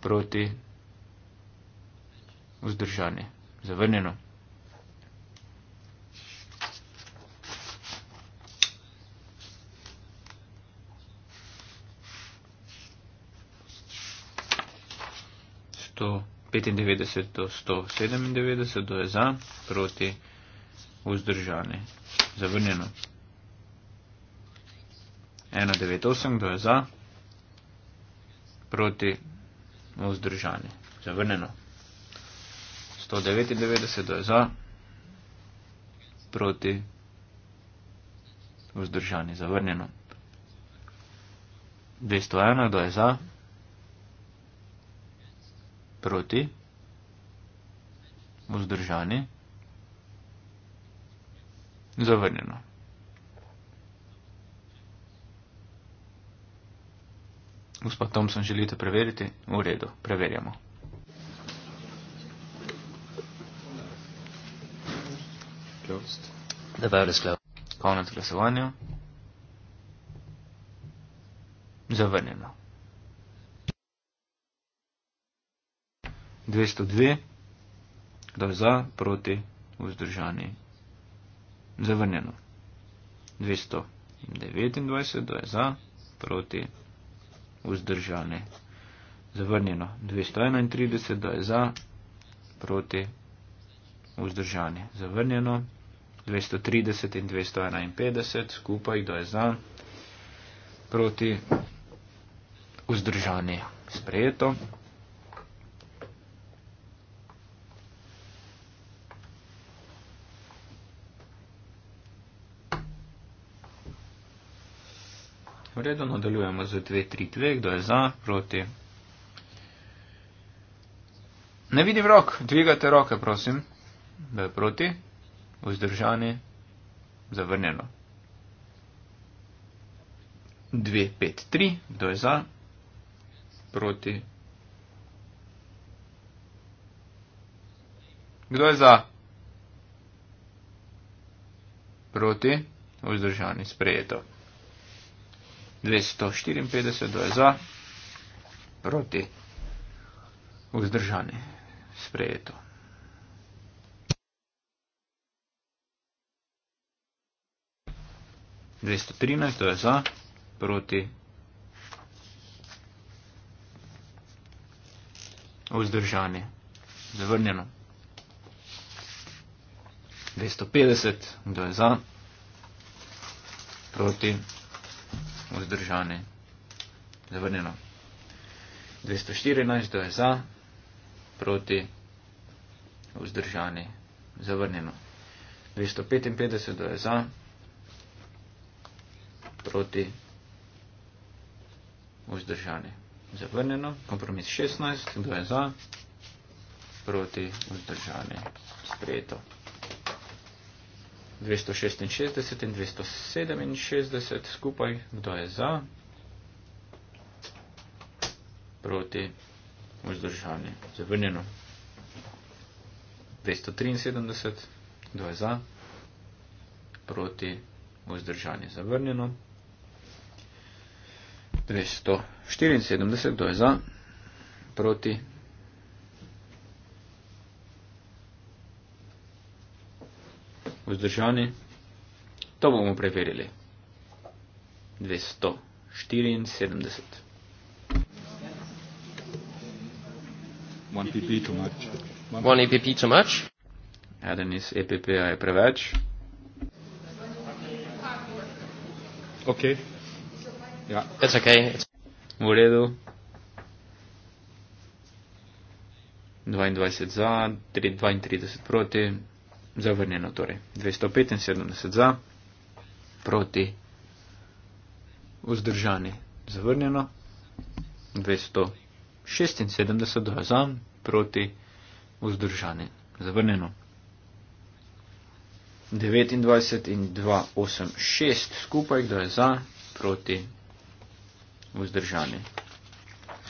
Speaker 2: proti vzdržani zavrnjeno. to 95 do 197, do je za, proti, vzdržani, zavrnjeno. 198, do je za, proti, vzdržani, zavrnjeno. 199, do je za, proti, vzdržani, zavrnjeno. 201, do je za, proti, vzdržani. Proti? Vzdržani? Zavrnjeno. Gospod Tomson, želite preveriti? V redu, preverjamo. Konec glasovanja. Zavrnjeno. 202, kdo je za, proti, vzdržani, zavrnjeno. 229, kdo je za, proti, vzdržani, zavrnjeno. 231, kdo je za, proti, vzdržani, zavrnjeno. 230 in 251 skupaj, kdo je za, proti, vzdržani, sprejeto. V redu, nadaljujemo z 2-3-2, kdo je za, proti. Ne vidim rok, dvigate roke, prosim. Kdo je proti? Vzdržani? Zavrnjeno. 2-5-3, kdo je za, proti. Kdo je za? Proti. Vzdržani, sprejeto. 254, kdo je za, proti, vzdržani, sprejeto. Dvesto trinajst, to je za, proti, vzdržanje, zavrnjeno. Dvesto petdeset, to je za, proti vzdržane. Zavrnjeno. 214 je za, proti, vzdržane, zavrnjeno. 255 je za, proti, vzdržane, zavrnjeno. Kompromis 16 je za, proti, vzdržane, sprejeto. 266 in 267 skupaj. Kdo je za? Proti. Vzdržanje. Zavrnjeno. 273. Kdo je za? Proti. Vzdržanje. Zavrnjeno. 274. Kdo je za? Proti. vzdržani. To bomo preverili. 274. One EPP too much. Eden iz EPP-a je preveč. Ok. Ja. It's okay. It's... V redu. 22 za, 32 proti zavrnjeno torej. 275 za, proti, vzdržani, zavrnjeno. 276 za, proti, vzdržani, zavrnjeno. 29 in 286 skupaj, kdo je za, proti, vzdržani.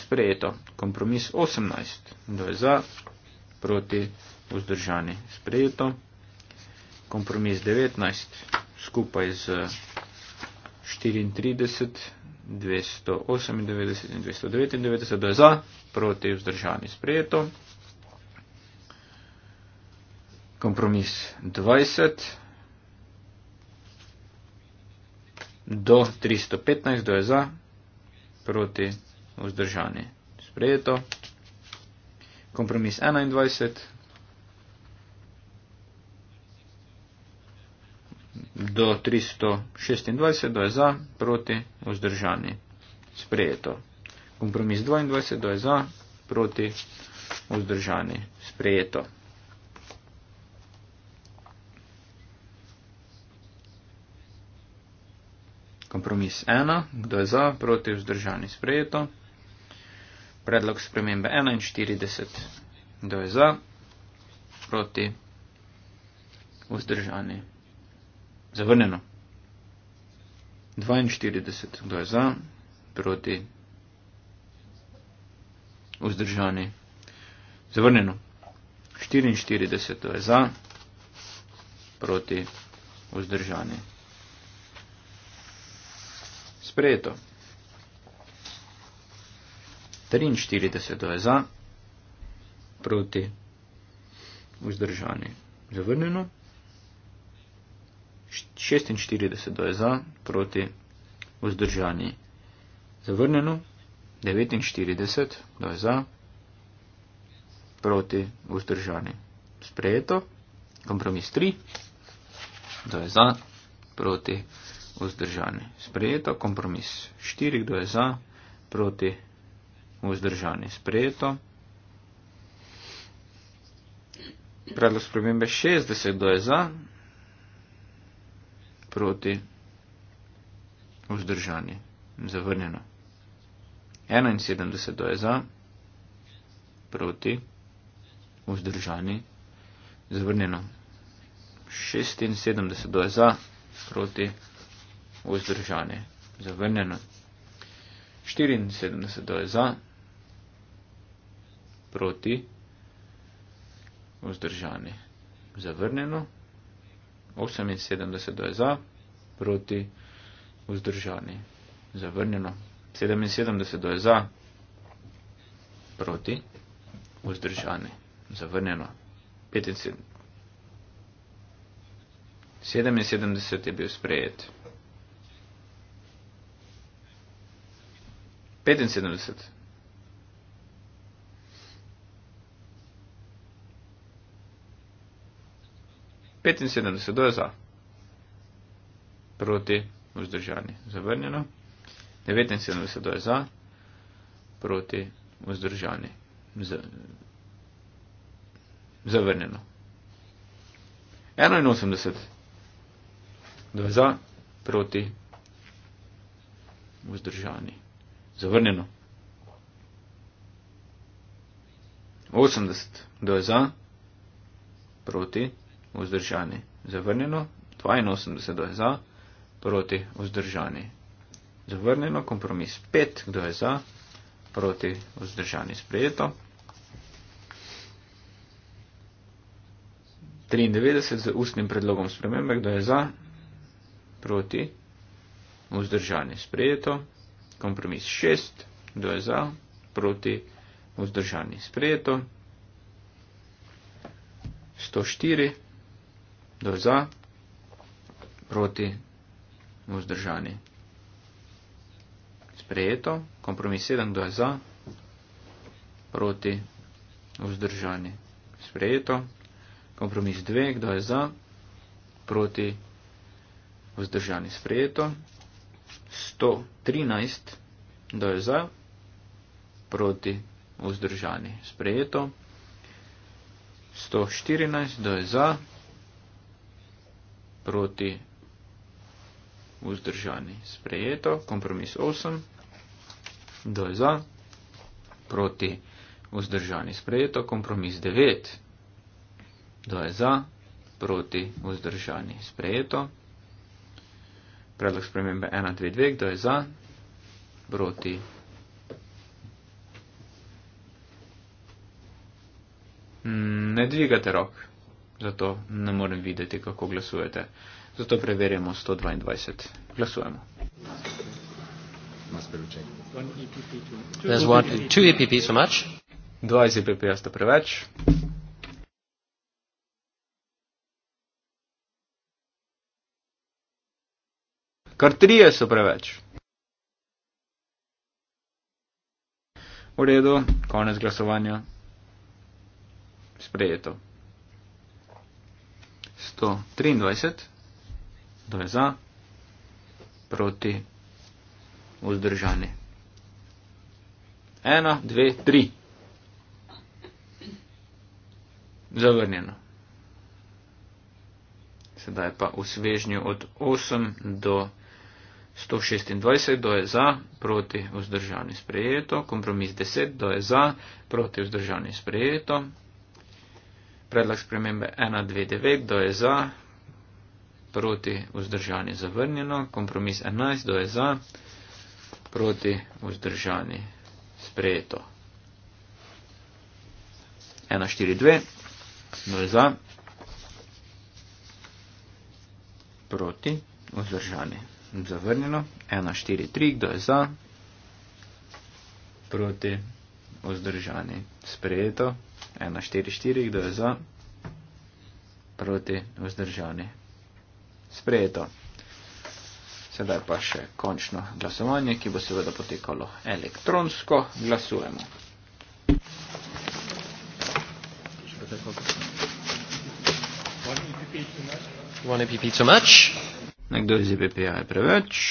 Speaker 2: Sprejeto. Kompromis 18, kdo je za, proti, vzdržani. Sprejeto kompromis 19 skupaj z 34, 298 in 299 za, proti vzdržani sprejeto. Kompromis 20 do 315 do je za, proti vzdržani sprejeto. Kompromis 21 do 326, do je za, proti, vzdržani. Sprejeto. Kompromis 22, do je za, proti, vzdržani. Sprejeto. Kompromis 1, kdo je za, proti, vzdržani. Sprejeto. Predlog spremembe 41, kdo je za, proti, vzdržani. Zavrnjeno. 42, kdo je za, proti, vzdržani. Zavrnjeno. 44, kdo je za, proti, vzdržani. Sprejeto. 43 je za, proti, vzdržani, zavrnjeno. 46 je za, proti vzdržani. Zavrnjeno, 49 je za, proti vzdržani. Sprejeto, kompromis 3 je za, proti vzdržani. Sprejeto, kompromis 4 je za, proti vzdržani. Sprejeto. Predlog spremembe 60 do je za, proti vzdržani. Zavrnjeno. 71 je za, proti vzdržani. Zavrnjeno. 76 je za, proti vzdržani. Zavrnjeno. 74 je za, proti vzdržani. Zavrnjeno. 78 je za, proti, vzdržani, zavrnjeno. 77 je za, proti, vzdržani, zavrnjeno. 77 je bil sprejet. 75. 75, kdo je za? Proti, vzdržani, zavrnjeno. 79, kdo je za? Proti, vzdržani, zavrnjeno. 81, kdo je za? Proti, vzdržani, zavrnjeno. 80, kdo je za? Proti, vzdržani vzdržani. Zavrnjeno, 82, kdo je za, proti vzdržani. Zavrnjeno, kompromis 5, kdo je za, proti vzdržani. Sprejeto. 93 z ustnim predlogom spremembe, kdo je za, proti vzdržani. Sprejeto. Kompromis 6, kdo je za, proti vzdržani. Sprejeto. 104 do za, proti, vzdržani. Sprejeto, kompromis 7, kdo je za, proti, vzdržani. Sprejeto, kompromis 2, kdo je za, proti, vzdržani. Sprejeto, 113, kdo je za, proti, vzdržani. Sprejeto, 114, kdo je za, proti, vzdržani proti vzdržani. Sprejeto, kompromis 8, kdo je za, proti vzdržani. Sprejeto, kompromis 9, kdo je za, proti vzdržani. Sprejeto, predlog spremembe 1, 2, 2, kdo je za, proti. Mm, ne dvigate rok zato ne morem videti, kako glasujete. Zato preverjamo 122. Glasujemo. E Dva EPP-ja sta preveč. Kar trije so preveč. V redu, konec glasovanja. Sprejeto. 123, kdo je za, proti, vzdržani. 1, 2, 3. Zavrnjeno. Sedaj pa v svežnju od 8 do 126, kdo je za, proti, vzdržani, sprejeto. Kompromis 10, kdo je za, proti, vzdržani, sprejeto. Predlog spremembe 129, kdo je za, proti vzdržani zavrnjeno, kompromis 11, kdo je za, proti vzdržani sprejeto. 142, kdo je za, proti vzdržani zavrnjeno, 143, kdo je za, proti vzdržani sprejeto. 1, 4, 4, kdo je za, proti, vzdržani. Sprejeto. Sedaj pa še končno glasovanje, ki bo seveda potekalo elektronsko. Glasujemo. Nekdo iz IPP-ja e je preveč.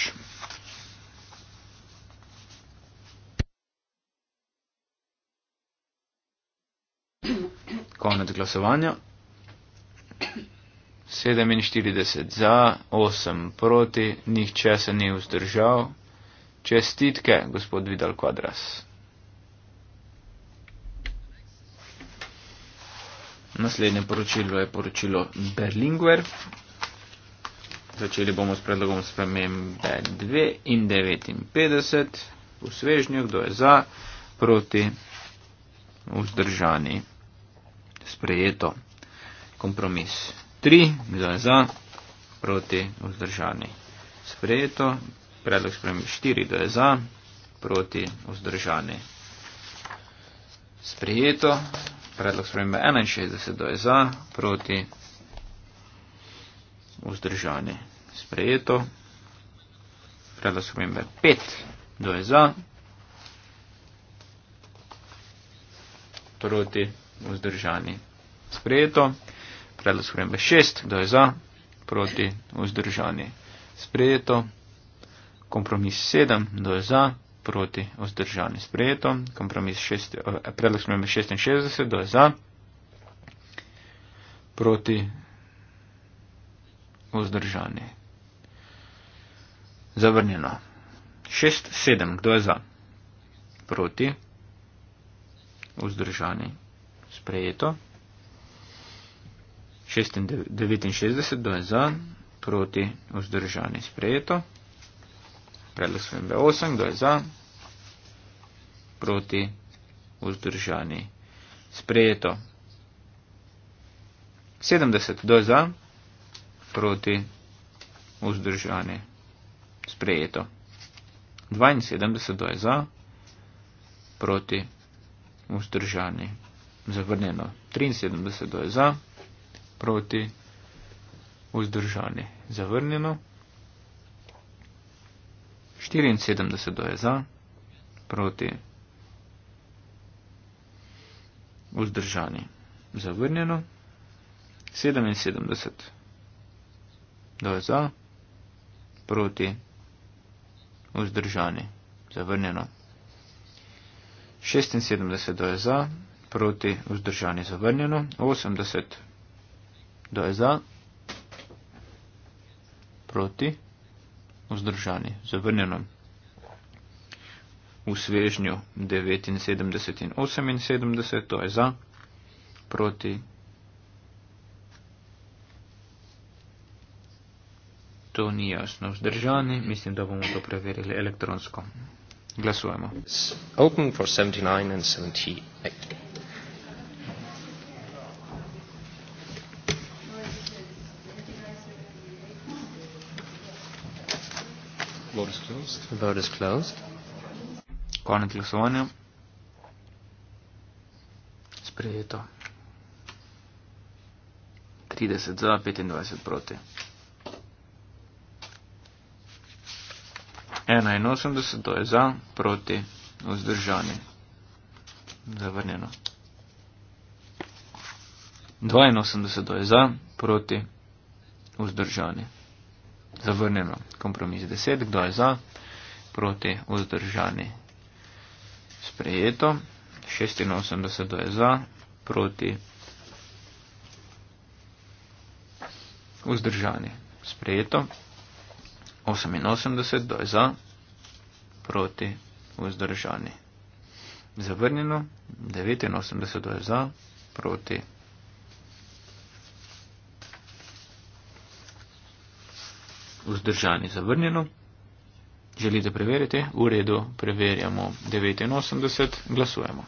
Speaker 2: konec glasovanja. 47 za, 8 proti, nihče se ni vzdržal. Čestitke, gospod Vidal Quadras. Naslednje poročilo je poročilo Berlinguer. Začeli bomo s predlogom spremembe 2 in 59. V svežnju, kdo je za, proti, vzdržani sprejeto. Kompromis. Tri, za, za, proti, vzdržani. Sprejeto. Predlog sprejem štiri, da je za, proti, vzdržani. Sprejeto. Predlog sprejem 61, da je za, proti, vzdržani. Sprejeto. Predlog sprejem 5, da je za, proti, vzdržani vzdržani. Sprejeto. Predlog spremembe 6. Kdo je za? Proti. Vzdržani. Sprejeto. Kompromis 7. Kdo je za? Proti. Vzdržani. Sprejeto. Kompromis 6. Eh, predlog spremembe 66. Kdo je za? Proti. Vzdržani. Zavrnjeno. 6. 7. Kdo je za? Proti. Vzdržani sprejeto. 69 do je za, proti vzdržani sprejeto. Predlog SVMB 8, kdo je za, proti vzdržani sprejeto. 70, kdo je za, proti vzdržani sprejeto. 72, kdo je za, proti vzdržani sprejeto zavrnjeno. 73 je za, proti, vzdržani, zavrnjeno. 74 je za, proti, vzdržani, zavrnjeno. 77 je za, proti, vzdržani, zavrnjeno. 76 je za, proti vzdržanje zavrnjeno, 80 do je za, proti vzdržanje zavrnjeno. V svežnju 79 in 78, to je za, proti, to ni jasno vzdržani, mislim, da bomo to preverili elektronsko. Glasujemo. It's open for 79 and 78.
Speaker 3: The vote is closed.
Speaker 2: Konec glasovanja. Sprejeto. 30 za, 25 proti. 81, to je za, proti, vzdržani. Zavrnjeno. 82, to je za, proti, vzdržani. Zavrnjeno. Kompromis 10, kdo je za? proti vzdržani. Sprejeto. 86 je za, proti vzdržani. Sprejeto. 88 je za, proti vzdržani. Zavrnjeno. 89 je za, proti. Vzdržani zavrnjeno. Želite preveriti? V redu, preverjamo 89, glasujemo.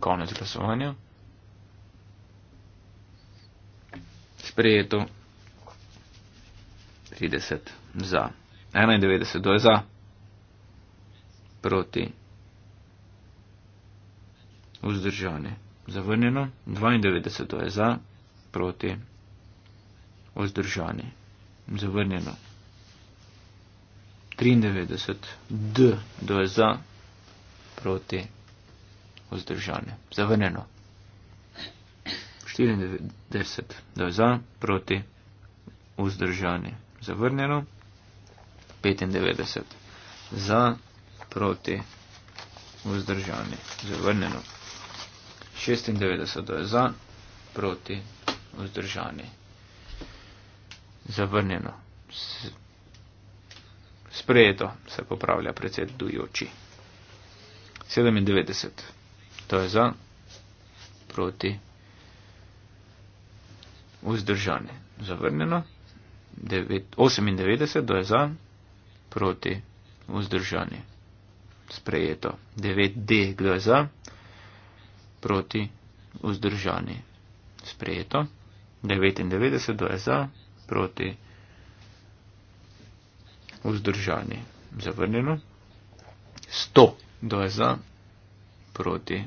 Speaker 2: Konec glasovanja. Sprejeto 30 za. 91 do je za. Proti vzdržane. Zavrnjeno, 92 je za, proti, vzdržane. Zavrnjeno, 93 D, do je za, proti, vzdržane. Zavrnjeno, 94 do je za, proti, vzdržane. Zavrnjeno, 95 za, proti, vzdržane. Zavrnjeno. 96 je za, proti, vzdržani. Zavrnjeno. Sprejeto se popravlja predsedujoči. 97. To je za, proti, vzdržani. Zavrnjeno. 98. To je za, proti, vzdržani. Sprejeto. 9D. Kdo je za? proti vzdržani. Sprejeto. 99 je za, proti vzdržani. Zavrnjeno. 100 je za, proti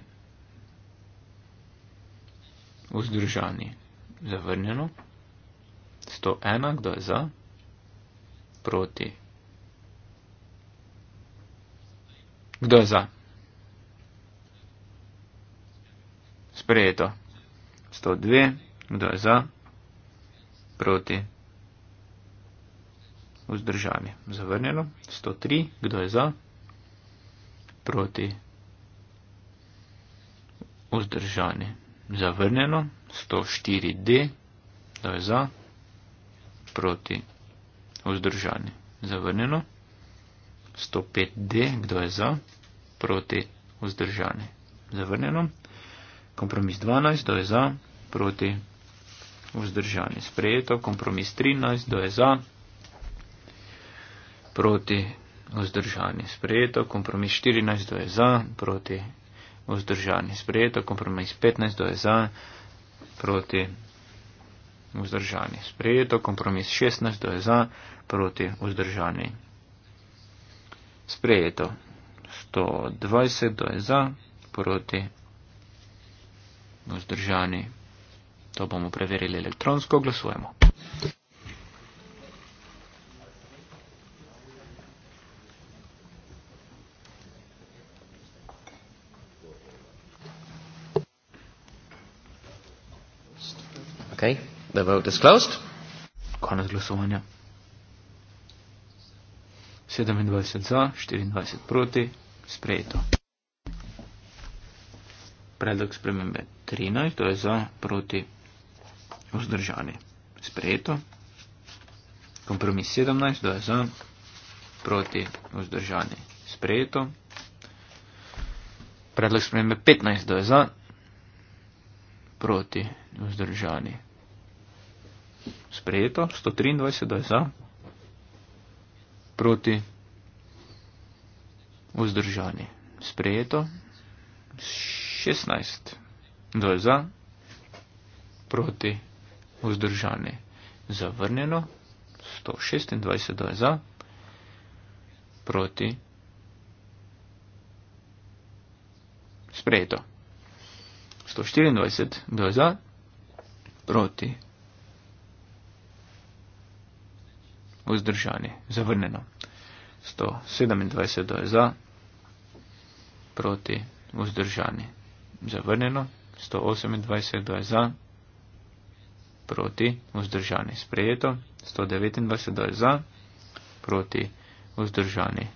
Speaker 2: vzdržani. Zavrnjeno. 101, kdo je za, proti. Kdo je za? Sprejeto. 102. Kdo je za? Proti. Vzdržani. Zavrnjeno. 103. Kdo je za? Proti. Vzdržani. Zavrnjeno. 104D. Kdo je za? Proti. Vzdržani. Zavrnjeno. 105D. Kdo je za? Proti. Vzdržani. Zavrnjeno. Kompromis 12, kdo je za, proti, vzdržani. Sprejeto. Kompromis 13, kdo je za, proti, vzdržani. Sprejeto. Kompromis 14, kdo je za, proti, vzdržani. Sprejeto. Kompromis 15, kdo je za, proti, vzdržani. Sprejeto. Kompromis 16, kdo je za, proti, vzdržani. Sprejeto. 120, kdo je za, proti, vzdržani bomo zdržani. To bomo preverili elektronsko, glasujemo.
Speaker 3: Okay. The vote is closed.
Speaker 2: Konec glasovanja. 27 za, 24 proti, sprejeto predlog spremembe 13, to je za proti vzdržani. Sprejeto. Kompromis 17, to je za proti vzdržani. Sprejeto. Predlog spremembe 15, to je za proti vzdržani. Sprejeto. 123, to je za proti vzdržani. Sprejeto. 16. Kdo je za? Proti. Vzdržani. Zavrnjeno. 126. Kdo je za? Proti. Sprejeto. 124. Kdo je za? Proti. Vzdržani. Zavrnjeno. 127. Kdo je za? Proti. Vzdržani zavrnjeno, 128 do je za, proti, vzdržani, sprejeto, 129 do je za, proti, vzdržani,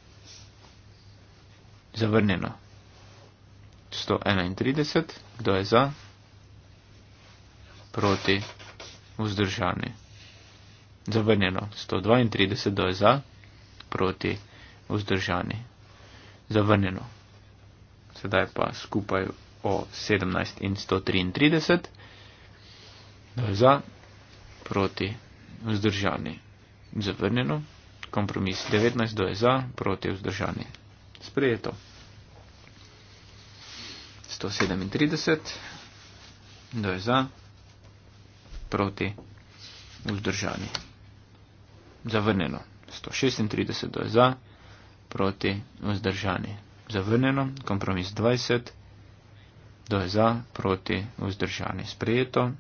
Speaker 2: zavrnjeno, 131, kdo je za, proti, vzdržani, zavrnjeno, 132 do je za, proti, vzdržani, zavrnjeno. Sedaj pa skupaj o 17 in 133 za, proti vzdržani zavrnjeno, kompromis 19 do je za, proti vzdržani sprejeto. 137 do je za, proti vzdržani zavrnjeno. 136 do je za, proti vzdržani zavrnjeno, kompromis 20 Kdo je za, proti, vzdržani, sprejeto.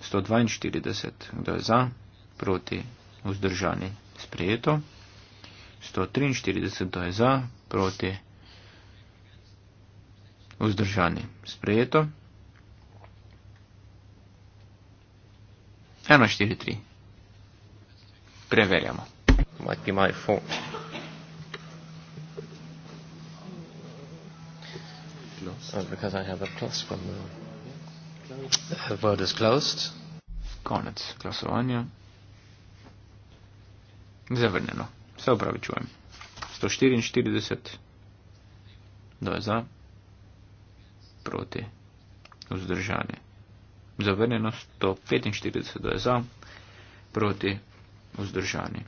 Speaker 2: 142. Kdo je za, proti, vzdržani, sprejeto. 143. Kdo je za, proti, vzdržani, sprejeto. 143. Preverjamo. Mati majfo. uh, because I have a plus from
Speaker 3: the
Speaker 2: uh, word is closed. Konec glasovanja. Zavrnjeno. Se opravičujem. 144. Kdo je za? Proti. Vzdržanje. Zavrnjeno. 145. Kdo je za? Proti. Vzdržanje.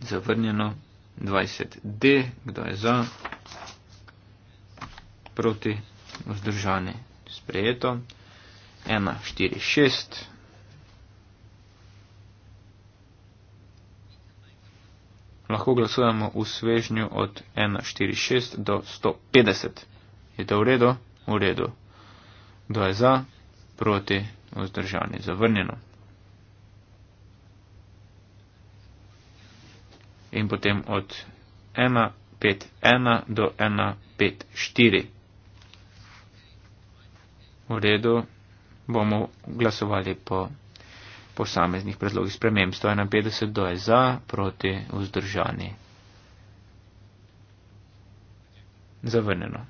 Speaker 2: Zavrnjeno. 20. D. Kdo je za? proti vzdržani sprejeto. 1, 4, 6. Lahko glasujemo v svežnju od 1, 4, 6 do 150. Je to v redu? V redu. Kdo je za? Proti vzdržani zavrnjeno. In potem od 1, 5, 1 do 1, 5, 4 v redu, bomo glasovali po posameznih predlogih sprememb. 151 do je za, proti vzdržani. Zavrneno.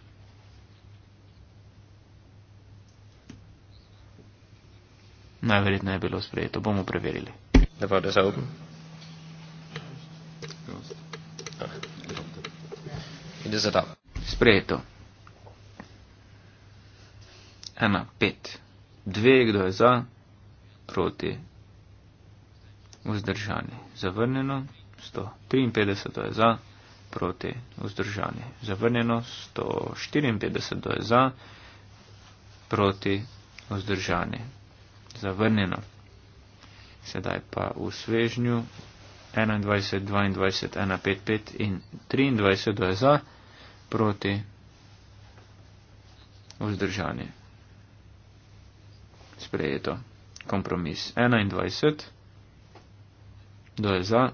Speaker 2: Najverjetno je bilo sprejeto. Bomo preverili. Da pa da zaupam. Ah. Sprejeto ena, pet. Dve, kdo je za, proti, vzdržani, zavrnjeno, 153 je za, proti, vzdržani, zavrnjeno, 154 je za, proti, vzdržani, zavrnjeno. Sedaj pa v svežnju 21, 22, 1, 5, 5 in 23 je za, proti, vzdržani, zavrnjeno sprejeto. Kompromis 21. Kdo je za,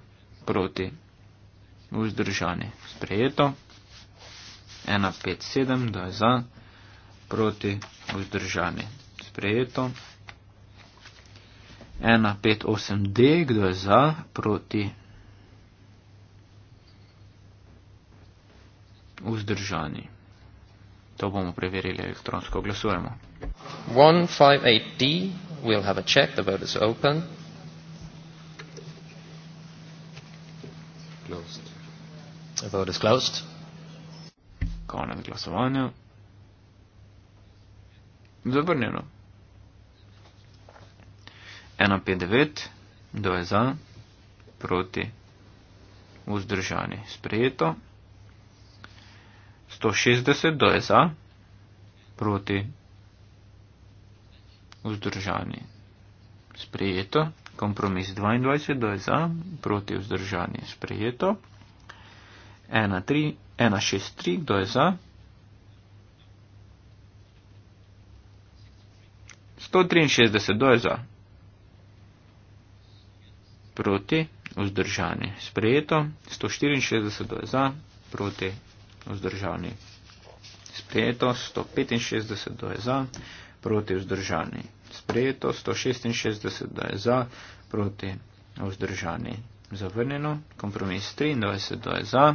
Speaker 2: proti, vzdržani, sprejeto. 157. Kdo je za, proti, vzdržani, sprejeto. 158D. Kdo je za, proti, vzdržani, sprejeto to bomo preverili elektronsko glasujemo.
Speaker 3: 158D will have a check, the vote is open. Closed. The vote is
Speaker 2: closed. Konec glasovanja. Zabrnjeno. 159, kdo je za, proti, vzdržani, sprejeto. 160 do je za, proti vzdržani. Sprejeto. Kompromis 22 do je za, proti vzdržani. Sprejeto. 163 do je za. 163 do je za. Proti vzdržani. Sprejeto. 164 do je za, proti vzdržani vzdržani. Sprejeto 165 do je za, proti vzdržani. Sprejeto 166 do je za, proti vzdržani. Zavrnjeno, kompromis 23 do je za,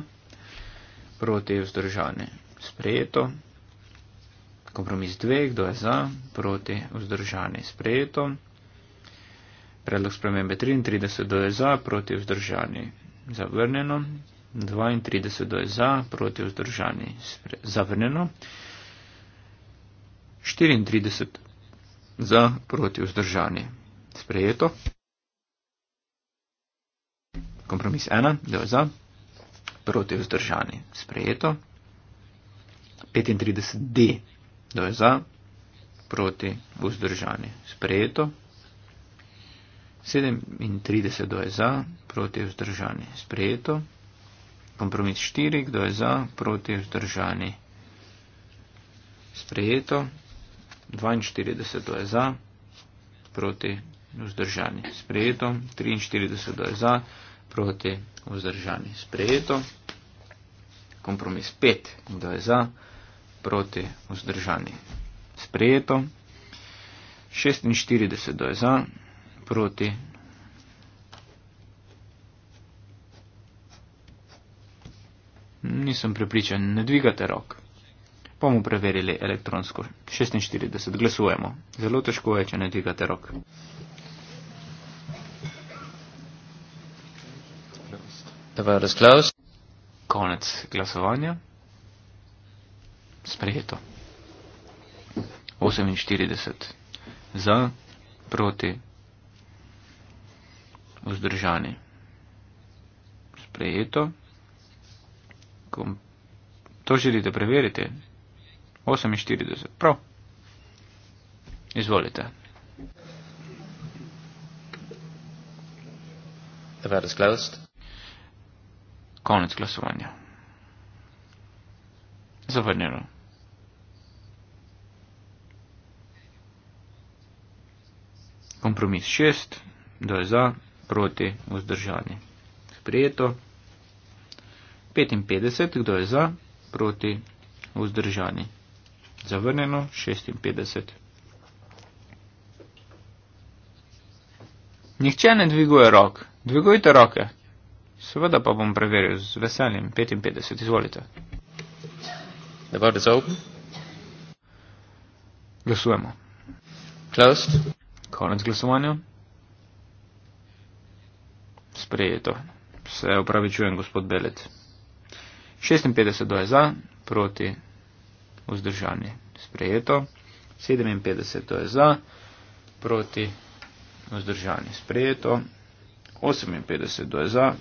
Speaker 2: proti vzdržani. Sprejeto, kompromis 2, kdo je za, proti vzdržani. Sprejeto, predlog spremembe 33 do je za, proti vzdržani. Zavrnjeno, 32 je za, proti vzdržani, zavrnjeno. 34 za, proti vzdržani, sprejeto. Kompromis 1, 2 za, proti vzdržani, sprejeto. 35 D, 2 za, proti vzdržani, sprejeto. 37 je za, proti vzdržani, sprejeto kompromis 4, kdo je za, proti, vzdržani. Sprejeto. 42 je za, proti, vzdržani. Sprejeto. 43 je za, proti, vzdržani. Sprejeto. Kompromis 5, kdo je za, proti, vzdržani. Sprejeto. 46 je za, proti, Nisem prepričan, ne dvigate rok. Bomo preverili elektronsko. 46, glasujemo. Zelo težko je, če ne dvigate rok. Konec glasovanja. Sprejeto. 48 za, proti, vzdržani. Sprejeto. Kom... To želite preveriti? 48. Prav. Izvolite. Konec glasovanja. Zavrnjeno. Kompromis 6, 2 za, proti, vzdržani. Sprijeto. 55, kdo je za, proti, vzdržani. Zavrnjeno 56. Nihče ne dviguje rok. Dvigujte roke. Seveda pa bom preveril z veseljem. 55, izvolite. Dobar rezultat. Glasujemo. Closed. Konec glasovanja. Sprejeto. Se opravičujem, gospod Belet. 56 do je za, proti, vzdržani, sprejeto. 57 do je za, proti, vzdržani, sprejeto. 58 do je za,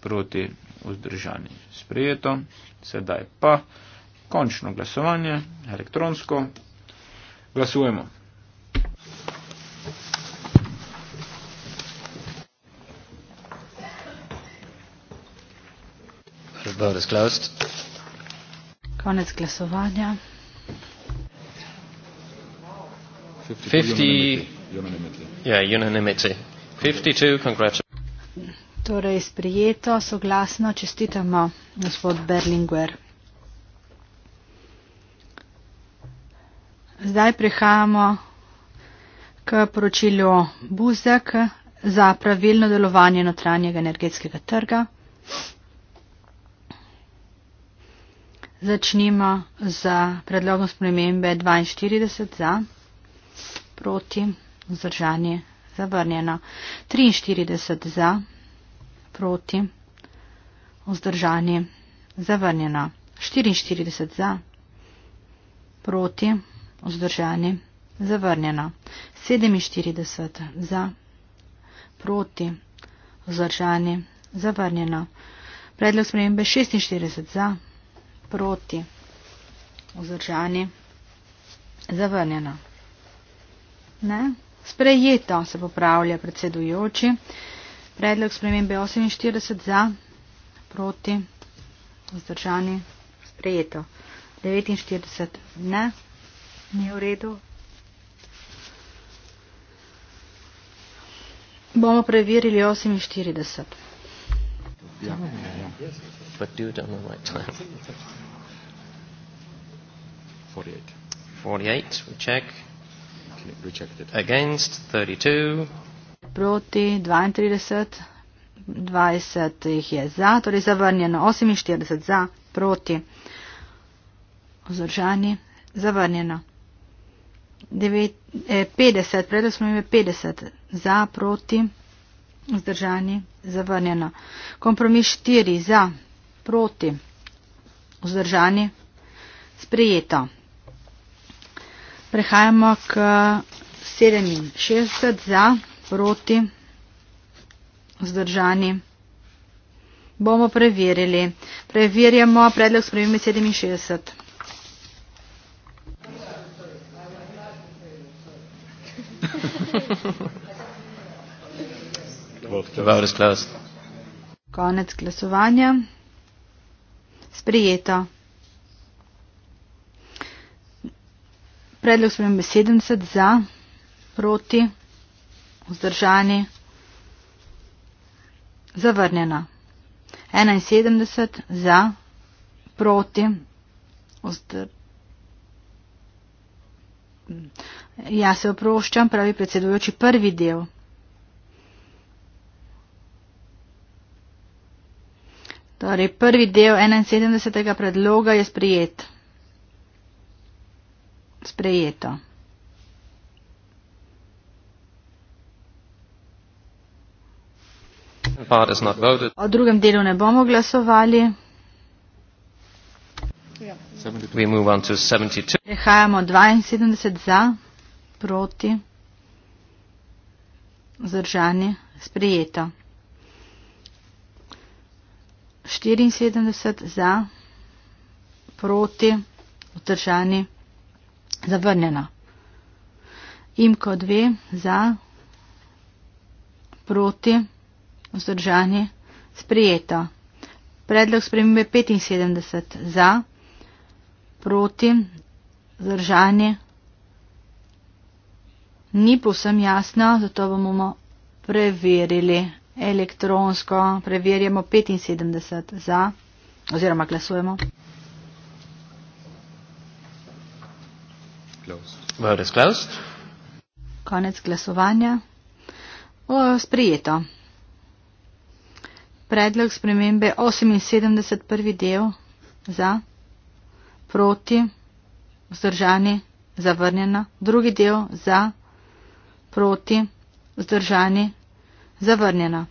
Speaker 2: proti, vzdržani, sprejeto. Sedaj pa končno glasovanje, elektronsko. Glasujemo.
Speaker 3: vote is closed.
Speaker 4: Konec glasovanja.
Speaker 2: 50, unanimity. Yeah, unanimity. 52,
Speaker 4: torej sprijeto, soglasno, čestitamo gospod Berlinguer. Zdaj prihajamo k poročilu Buzek za pravilno delovanje notranjega energetskega trga. Začnimo z predlogom spremembe 42 za, proti, vzdržanje, zavrnjeno. 43 za, proti, vzdržanje, zavrnjeno. 44 za, proti, vzdržanje, zavrnjeno. 47 za, proti, vzdržanje, zavrnjeno. Predlog spremembe 46 za, proti, vzdržanje, zavrnjeno proti, vzdržani, zavrnjeno. Ne? Sprejeto se popravlja predsedujoči, predlog spremembe 48 za, proti, vzdržani, sprejeto. 49 ne, ni v redu. Bomo preverili 48.
Speaker 3: Ja, ja, ja but do it on the right time. 48. 48, we check.
Speaker 1: Rejected. Against, 32.
Speaker 4: Proti, 32. 20 jih je za, torej zavrnjeno. 48 za, proti. Ozoržani, zavrnjeno. 50, predaj smo imeli 50 za, proti, vzdržani, zavrnjeno. Kompromis 4 za, proti. Vzdržani, sprejeto. Prehajamo k 67 za, proti, vzdržani. Bomo preverili. Preverjamo predlog spremembe 67. Konec glasovanja sprejeto. Predlog spremembe 70 za, proti, vzdržani, zavrnjena. 71 za, proti, vzdržani. Ja, se oproščam, pravi predsedujoči prvi del. Torej, prvi del 71. predloga je sprejet. Sprejeto. O drugem delu ne bomo glasovali. Prehajamo 72 za, proti, zdržani, sprejeto. 74 za, proti, vzdržani, zavrnjena. Imko 2 za, proti, vzdržani, sprijeta. Predlog spremembe 75 za, proti, vzdržani, ni povsem jasno, zato bomo preverili elektronsko preverjamo 75 za oziroma glasujemo. Konec glasovanja. O, sprijeto. Predlog spremembe 78 prvi del za, proti, vzdržani, zavrnjena, drugi del za, proti, vzdržani, zavrnjena.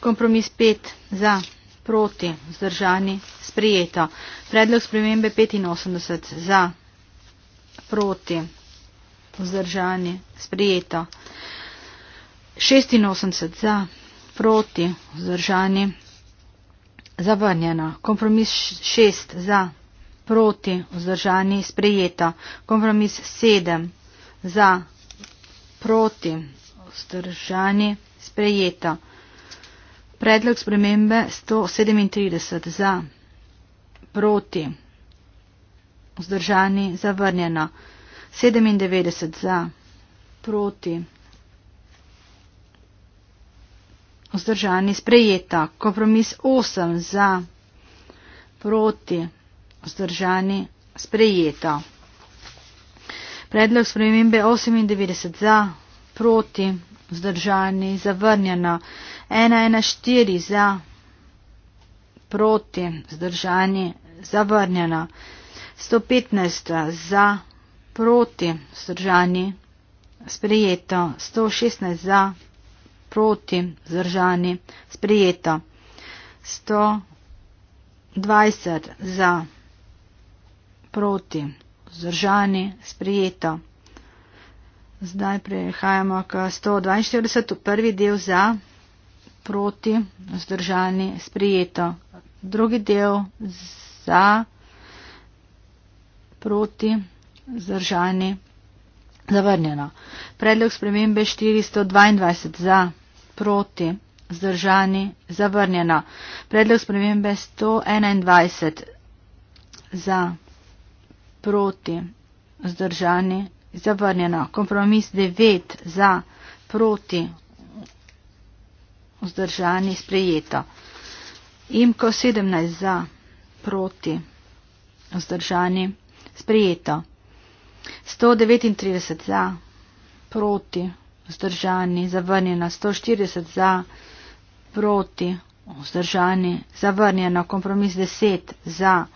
Speaker 4: Kompromis 5 za, proti, vzdržani, sprijeto. Predlog spremembe 85 za, proti, vzdržani, sprijeto. 86 za, proti, vzdržani, zavrnjena. Kompromis 6 za, proti, vzdržani, sprijeto. Kompromis 7 za, proti, vzdržani, sprijeto sprejeto. Predlog spremembe 137 za, proti, vzdržani, zavrnjeno. 97 za, proti, vzdržani, sprejeto. Kompromis 8 za, proti, vzdržani, sprejeto. Predlog spremembe 98 za, proti, vzdržani, zavrnjeno, 114 za, proti, vzdržani, zavrnjeno, 115 za, proti, vzdržani, sprejeto, 116 za, proti, vzdržani, sprejeto, 120 za, proti, vzdržani, sprejeto. Zdaj prehajamo k 142. Prvi del za, proti, vzdržani, sprijeto. Drugi del za, proti, vzdržani, zavrnjeno. Predlog spremembe 422 za, proti, vzdržani, zavrnjeno. Predlog spremembe 121 za, proti, vzdržani, zavrnjeno. Kompromis 9 za, proti, vzdržani, sprejeto. Imko 17 za, proti, vzdržani, sprejeto. 139 za, proti, vzdržani, zavrnjeno. 140 za, proti, vzdržani, zavrnjeno. Kompromis 10 za,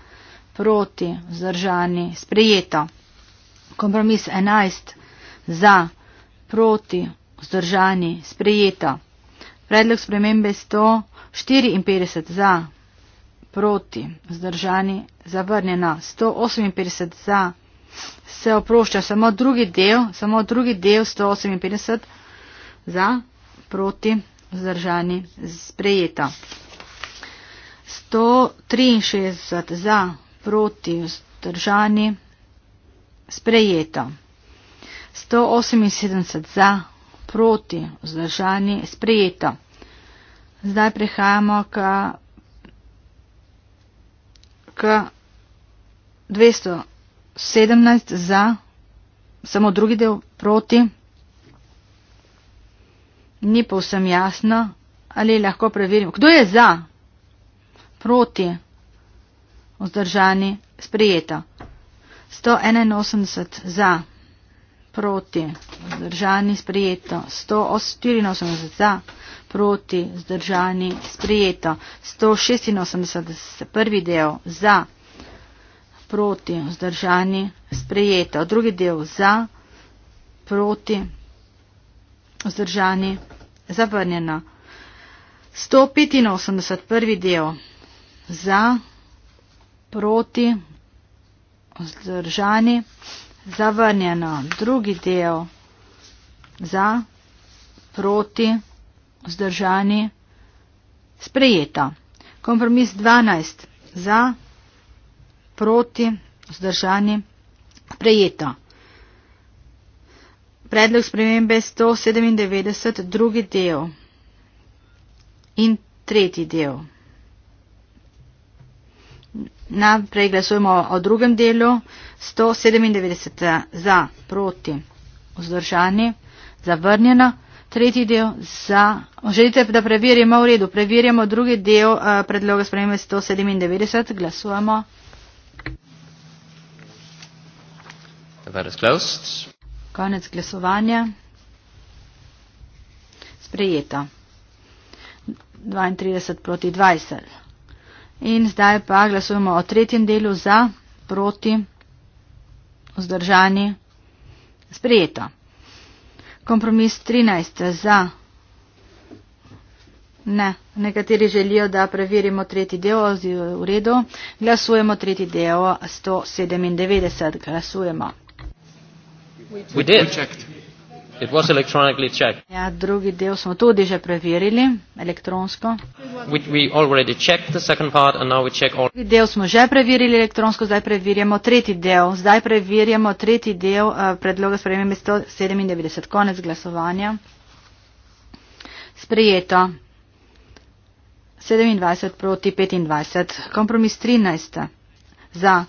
Speaker 4: proti, vzdržani, sprejeto kompromis 11 za, proti, vzdržani, sprejeta. Predlog spremembe 154 za, proti, vzdržani, zavrnjena. 158 za se oprošča samo drugi del, samo drugi del 158 za, proti, vzdržani, sprejeta. 163 za, proti, vzdržani, Sprejeto. 178 za, proti, vzdržani, sprejeto. Zdaj prehajamo k, k 217 za, samo drugi del proti. Ni povsem jasno, ali lahko preverimo. Kdo je za, proti, vzdržani, sprejeto. 181 za, proti, zdržani, sprijeto. 184 za, proti, zdržani, sprijeto. 186 prvi del za, proti, zdržani, sprijeto. Drugi del za, proti, zdržani, zavrnjeno. 185 prvi del za, proti, vzdržani, zavrnjeno drugi del za, proti, vzdržani, sprejeto. Kompromis 12 za, proti, vzdržani, sprejeto. Predlog spremembe 197, drugi del in tretji del. Naprej glasujemo o drugem delu. 197 eh, za, proti, vzdržani, zavrnjena. Tretji del za. Želite, da preverimo v redu? Preverjamo drugi del eh, predloga spremembe 197. Glasujemo. Konec glasovanja. Sprejeto. 32 proti 20. In zdaj pa glasujemo o tretjem delu za, proti, vzdržani, sprejeto. Kompromis 13 za. Ne, nekateri želijo, da preverimo tretji del v redu. Glasujemo tretji del 197. Glasujemo.
Speaker 3: We did. We It was electronically checked.
Speaker 4: Ja, drugi del smo tudi že preverili elektronsko. Drugi del smo že preverili elektronsko, zdaj preverjamo tretji del. Zdaj preverjamo tretji del uh, predloga sprememe 197. Konec glasovanja. Sprejeto. 27 proti 25. Kompromis 13. Za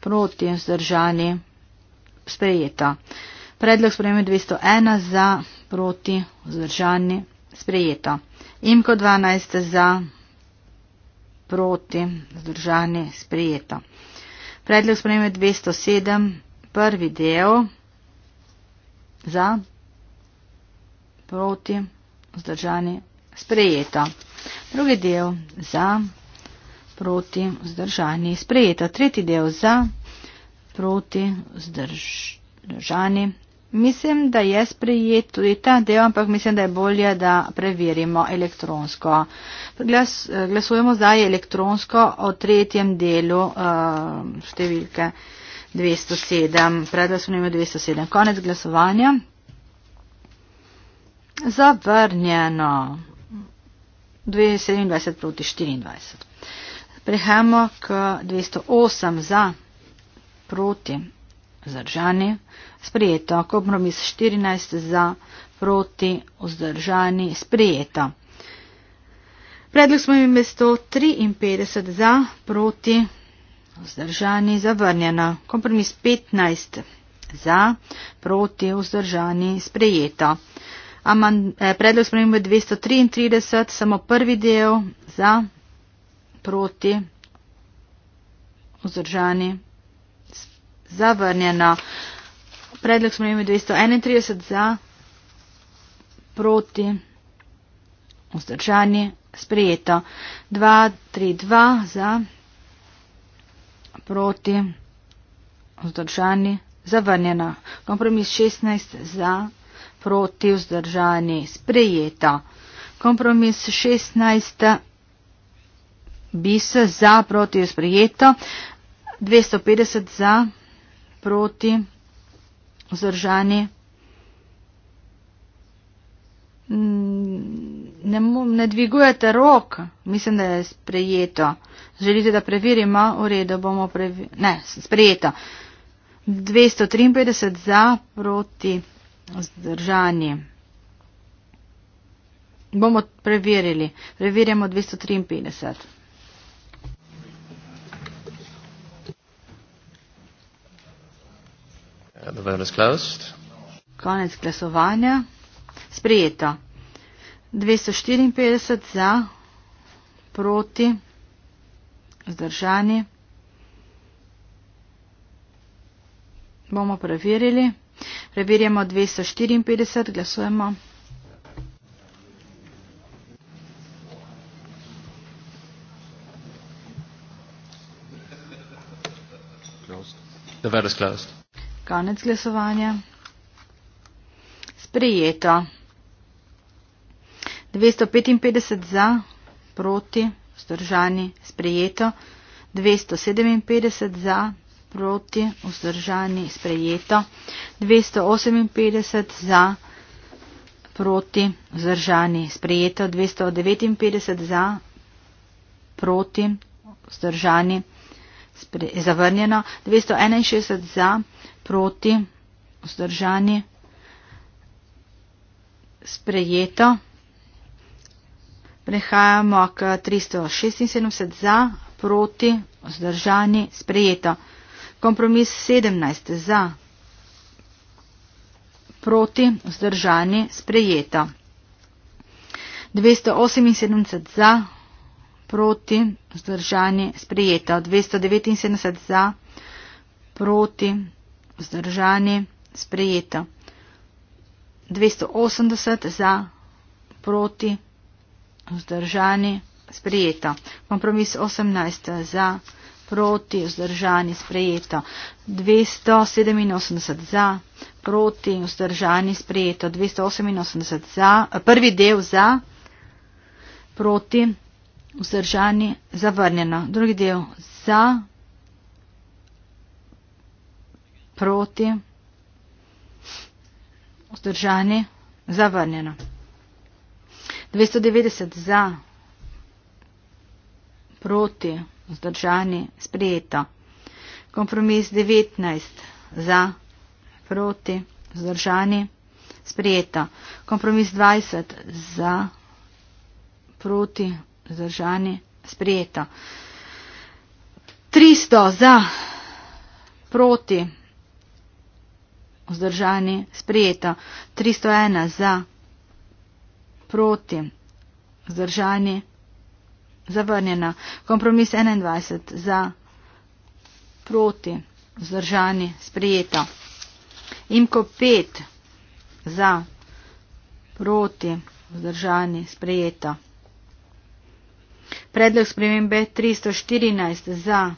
Speaker 4: proti vzdržani. Sprejeto. Predlog spremembe 201 za, proti, vzdržani, sprejeto. Imko 12 za, proti, vzdržani, sprejeto. Predlog spremembe 207, prvi del, za, proti, vzdržani, sprejeto. Drugi del za, proti, vzdržani, sprejeto. Tretji del za, proti, vzdržani, Mislim, da je sprejet tudi ta del, ampak mislim, da je bolje, da preverimo elektronsko. Glas, eh, glasujemo zdaj elektronsko o tretjem delu uh, številke 207. Predglasujemo 207. Konec glasovanja. Zavrnjeno. 27 proti 24. Prehajamo k 208 za proti zdržani sprejeto. Kompromis 14 za, proti, vzdržani, sprejeto. Predlog smo imeli mesto 53 za, proti, vzdržani, zavrnjeno. Kompromis 15 za, proti, vzdržani, sprejeto. Aman, eh, predlog smo imeli 233, samo prvi del za, proti, vzdržani, zavrnjeno. Predlog smo imeli 231 za, proti, vzdržanje, sprejeto. 232 za, proti, vzdržanje, zavrnjeno. Kompromis 16 za, proti, vzdržanje, sprejeto. Kompromis 16 bis za, proti, sprejeto. 250 za, proti, vzdržanje vzdržani. Ne, ne dvigujete rok, mislim, da je sprejeto. Želite, da preverimo? V redu bomo preverili. Ne, sprejeto. 253 za proti vzdržanje. Bomo preverili. Preverjamo 253.
Speaker 2: Ja, the vote is closed.
Speaker 4: Konec glasovanja. Sprejeto. 254 za, proti, zdržani. Bomo preverili. Preverjamo 254, glasujemo.
Speaker 2: The vote is closed.
Speaker 4: Konec glasovanja. Sprejeto. 255 za, proti, vzdržani, sprejeto. 257 za, proti, vzdržani, sprejeto. 258 za, proti, vzdržani, sprejeto. 259 za, proti, vzdržani, sprejeto je zavrnjeno, 261 za, proti, vzdržani, sprejeto. Prehajamo k 376 za, proti, vzdržani, sprejeto. Kompromis 17 za, proti, vzdržani, sprejeto. 278 za, proti, vzdržani, sprijeta. 279 za, proti, vzdržani, sprijeta. 280 za, proti, vzdržani, sprijeta. Kompromis 18 za, proti, vzdržani, sprijeta. 287 za, proti, vzdržani, sprijeta. 288 za, prvi del za, proti, vzdržani, zavrnjeno. Drugi del za, proti, vzdržani, zavrnjeno. 290 za, proti, vzdržani, sprejeto. Kompromis 19 za, proti, vzdržani, sprejeto. Kompromis 20 za, proti, zdržani, sprijeto. 300 za, proti, vzdržani, sprijeto. 301 za, proti, vzdržani, zavrnjena. Kompromis 21 za, proti, vzdržani, sprijeto. Imko 5 za, proti, vzdržani, sprijeto. Predlog spremembe 314 za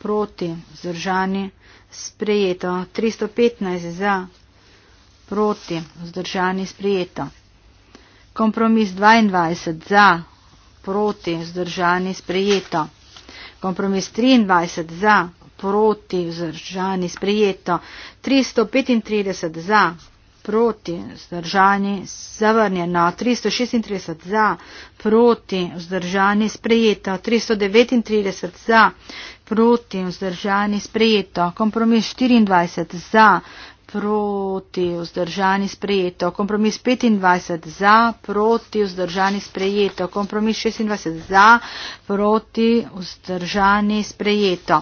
Speaker 4: proti vzdržani sprejeto. 315 za proti vzdržani sprejeto. Kompromis 22 za proti vzdržani sprejeto. Kompromis 23 za proti vzdržani sprejeto. 335 za proti, vzdržani, zavrnjeno, no, 336 za, proti, vzdržani, sprejeto, 339 za, proti, vzdržani, sprejeto, kompromis 24 za, proti, vzdržani, sprejeto, kompromis 25 za, proti, vzdržani, sprejeto, kompromis 26 za, proti, vzdržani, sprejeto.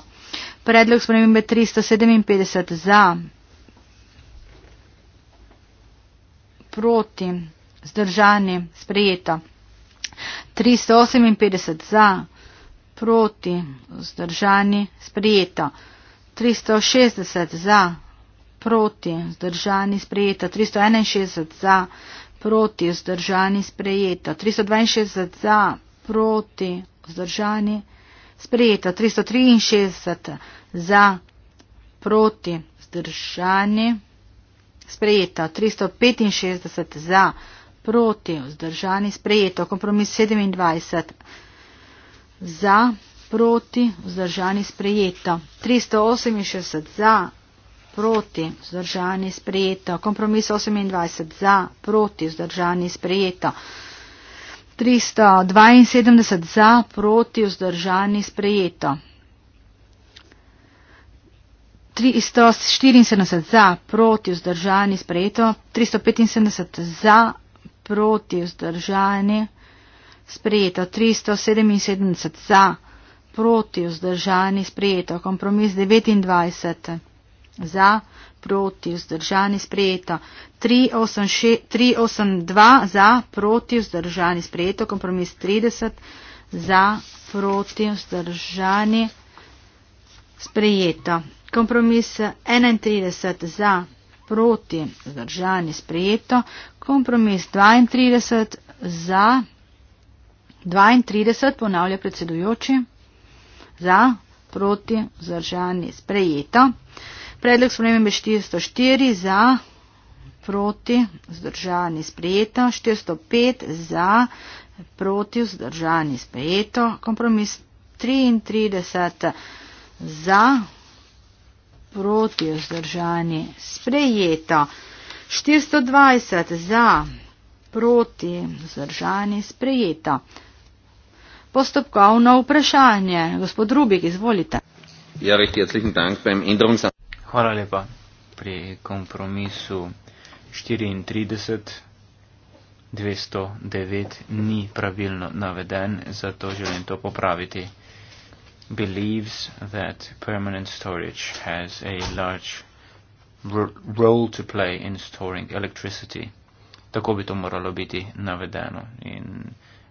Speaker 4: Predlog spremembe 357 za. proti, zdržani, sprejeta. 358 za, proti, zdržani, sprejeta. 360 za, proti, zdržani, sprejeta. 361 za, proti, zdržani, sprejeta. 362 za, proti, zdržani, sprejeta. 363 za, proti, zdržani sprejeto, 365 za, proti, vzdržani, sprejeto, kompromis 27 za, proti, vzdržani, sprejeto, 368 za, proti, vzdržani, sprejeto, kompromis 28 za, proti, vzdržani, sprejeto. 372 za, proti, vzdržani, sprejeto. 374 za, proti vzdržani, sprejeto. 375 za, proti vzdržani, sprejeto. 377 za, proti vzdržani, sprejeto. Kompromis 29 za, proti vzdržani, sprejeto. 382 za, proti vzdržani, sprejeto. Kompromis 30 za, proti vzdržani, sprejeto kompromis 31 za, proti, zdržani, sprejeto, kompromis 32 za, 32 ponavlja predsedujoči, za, proti, zdržani, sprejeto, predlog spremembe 404 za, proti, zdržani, sprejeto, 405 za, proti, zdržani, sprejeto, kompromis 33 za, proti vzdržani, sprejeto. 420 za, proti vzdržani, sprejeto. Postopkovno vprašanje. Gospod Rubik, izvolite.
Speaker 1: Ja, rekti, odličen dan, pem in drugim sam.
Speaker 2: Hvala lepa. Pri kompromisu 34 209 ni pravilno naveden, zato želim to popraviti believes that permanent storage has a large r role to play in storing electricity. Tako bi to moralo biti navedeno in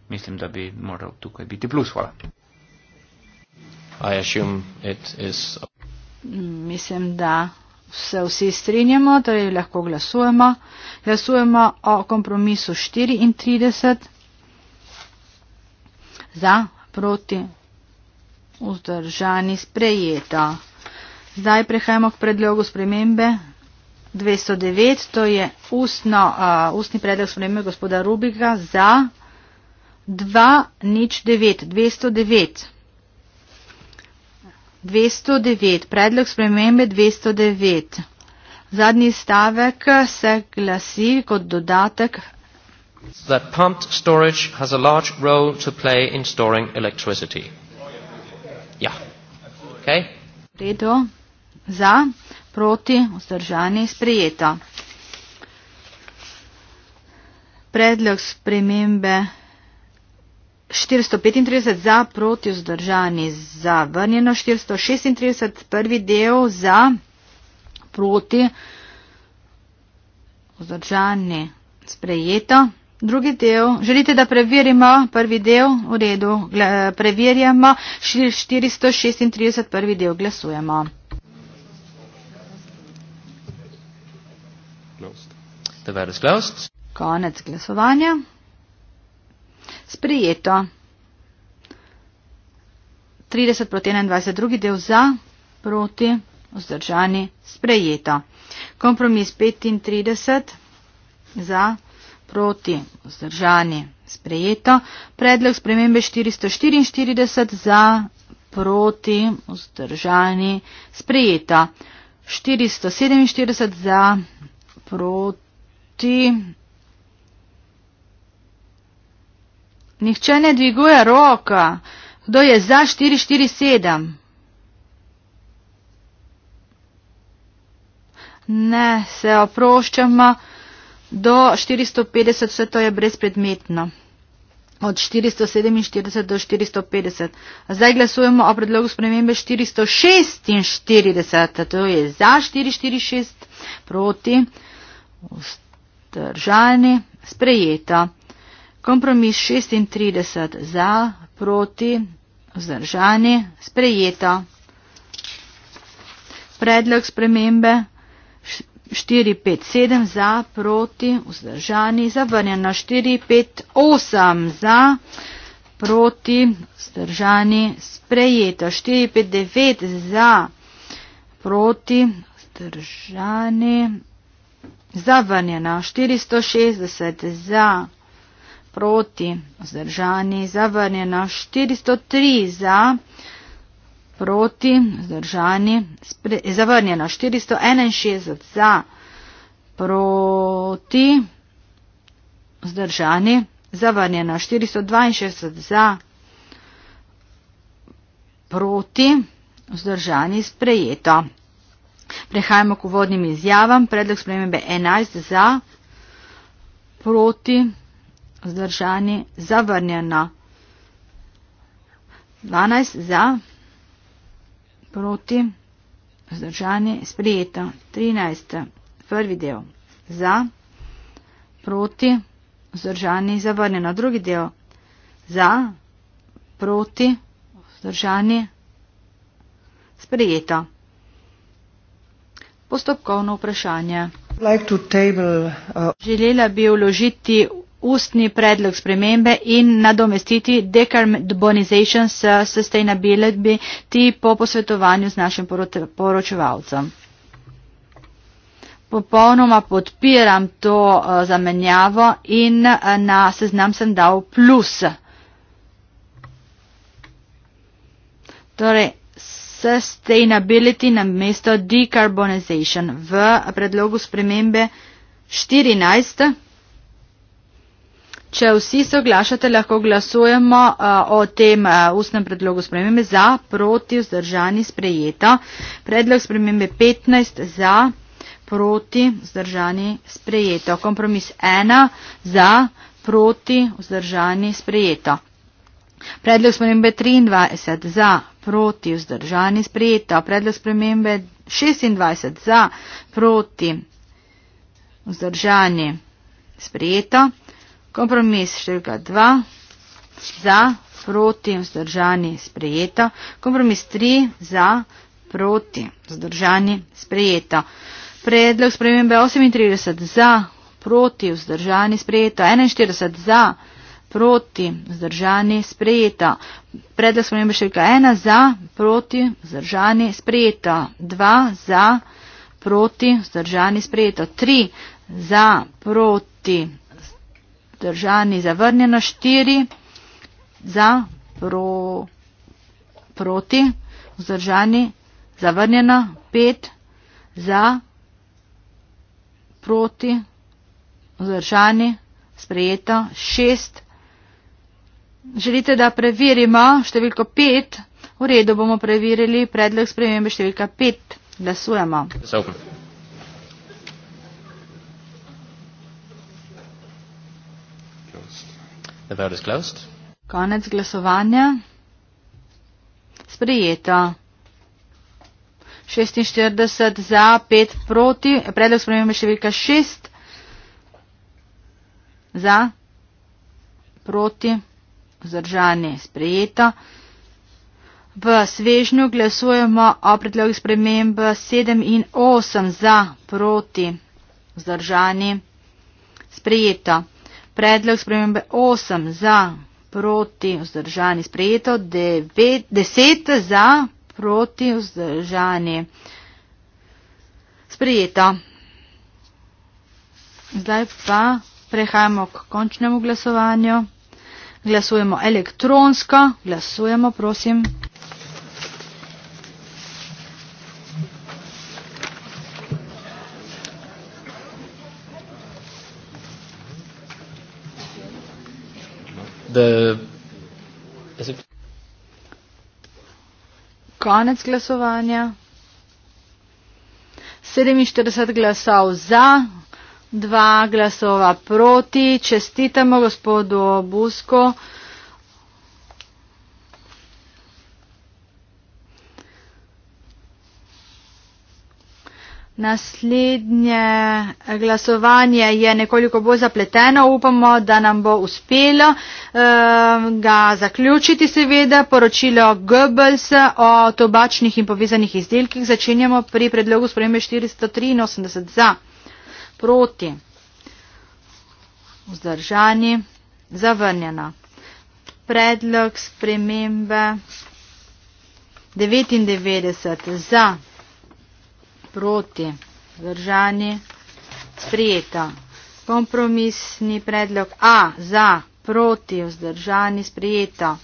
Speaker 2: mislim, da bi moral tukaj biti plus. Hvala.
Speaker 1: Is...
Speaker 4: Mislim, da se vsi strinjamo, torej lahko glasujemo. Glasujemo o kompromisu 34 za, proti vzdržani sprejeta. Zdaj prehajamo k predlogu spremembe 209, to je ustno, uh, ustni predlog spremembe gospoda Rubiga za 2 nič 9, 209. 209, predlog spremembe 209. Zadnji stavek se glasi kot dodatek.
Speaker 3: That pumped storage
Speaker 2: has a large role to play in storing electricity. Ja.
Speaker 3: Okay.
Speaker 4: Redo za, proti, vzdržani, sprejeta. Predlog spremembe 435 za, proti, vzdržani, zavrnjeno 436, prvi del za, proti, vzdržani, sprejeta. Drugi del, želite, da preverimo prvi del? V redu, eh, preverjamo 436. prvi del, glasujemo. Konec glasovanja. Sprijeto. 30 proti 21, drugi del za, proti, vzdržani, sprejeto. Kompromis 35 za, proti vzdržani sprejeto, predlog spremembe 444 za proti vzdržani sprejeto, 447 za proti. Nihče ne dviguje roka. Kdo je za 447? Ne, se oproščamo do 450, vse to je brezpredmetno. Od 447 do 450. Zdaj glasujemo o predlogu spremembe 446. To je za 446, proti, vzdržani, sprejeto. Kompromis 36 za, proti, vzdržani, sprejeto. Predlog spremembe 446. 4, 5, 7 za, proti, vzdržani, zavrnjeno 4, 5, 8 za, proti, vzdržani, sprejeto 4, 5, 9 za, proti, vzdržani, zavrnjeno 460 za, proti, vzdržani, zavrnjeno 403 za, proti, zdržani, spre, zavrnjeno 461 za, proti, zdržani, zavrnjeno 462 za, proti, zdržani, sprejeto. Prehajamo k uvodnim izjavam. Predlog spremembe 11 za, proti, zdržani, zavrnjeno. 12 za proti, vzdržani, sprijeto. 13. Prvi del. Za, proti, vzdržani, zavrnjeno. Drugi del. Za, proti, vzdržani, sprijeto. Postopkovno vprašanje. Like table, uh... Želela bi vložiti ustni predlog spremembe in nadomestiti decarbonization s sustainability po posvetovanju z našim poročevalcem. Popolnoma podpiram to eh, zamenjavo in eh, na seznam sem dal plus. Torej, sustainability na mesto decarbonization v predlogu spremembe 14. Če vsi se oglašate, lahko glasujemo uh, o tem uh, ustnem predlogu spremembe za, proti, vzdržani, sprejeto. Predlog spremembe 15 za, proti, vzdržani, sprejeto. Kompromis 1 za, proti, vzdržani, sprejeto. Predlog spremembe 23 za, proti, vzdržani, sprejeto. Predlog spremembe 26 za, proti, vzdržani, sprejeto. Kompromis številka 2 za, proti, vzdržani, sprejeto. Kompromis 3 za, proti, vzdržani, sprejeto. Predlog spremembe 38 za, proti, vzdržani, sprejeto. 41 za, proti, vzdržani, sprejeto. Predlog spremembe številka 1 za, proti, vzdržani, sprejeto. 2 za, proti, vzdržani, sprejeto. 3 za, proti, vzdržani, sprejeto vzdržani, zavrnjeno štiri, za pro, proti, vzdržani, zavrnjeno pet, za proti, vzdržani, sprejeto šest. Želite, da preverimo številko pet? V redu bomo preverili predlog spremembe številka pet. Glasujemo.
Speaker 3: Zaupam. The vote is
Speaker 2: closed.
Speaker 4: Konec glasovanja. Sprejeto. 46 za, 5 proti. Predlog spremembe številka 6. Za, proti, vzdržani, sprejeto. V svežnju glasujemo o predlogu spremembe 7 in 8 za, proti, vzdržani, sprejeto. Predlog spremembe 8 za, proti, vzdržani, sprejeto 9, 10 za, proti, vzdržani, sprejeto. Zdaj pa prehajamo k končnemu glasovanju. Glasujemo elektronsko, glasujemo prosim.
Speaker 1: the is it
Speaker 4: Konec glasovanja. 47 glasov za, 2 glasova proti. Čestitamo gospodu Busko. Naslednje glasovanje je nekoliko bolj zapleteno, upamo, da nam bo uspelo um, ga zaključiti seveda. Poročilo Goebbels o tobačnih in povezanih izdelkih začenjamo pri predlogu spremembe 483 za, proti, vzdržani, zavrnjena. Predlog spremembe 99 za proti, zdržani, sprijeto. Kompromisni predlog A za, proti, vzdržani, sprijeto.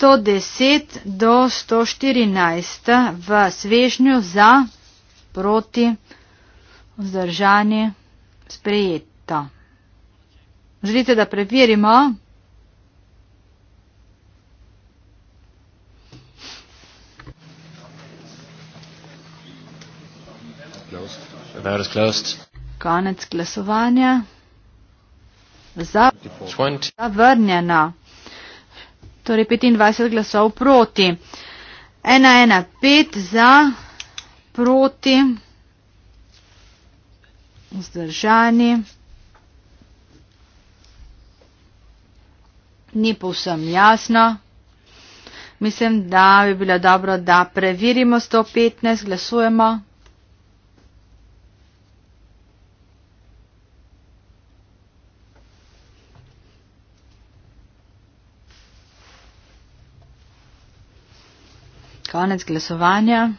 Speaker 4: 110 do 114 v svežnju za, proti, vzdržani, sprijeto. Želite, da preverimo? Konec glasovanja. Za, zavrnjeno. Torej 25 glasov proti. 1-1-5 za, proti, vzdržani. Ni povsem jasno. Mislim, da bi bilo dobro, da preverimo 115, glasujemo. konec glasovanja.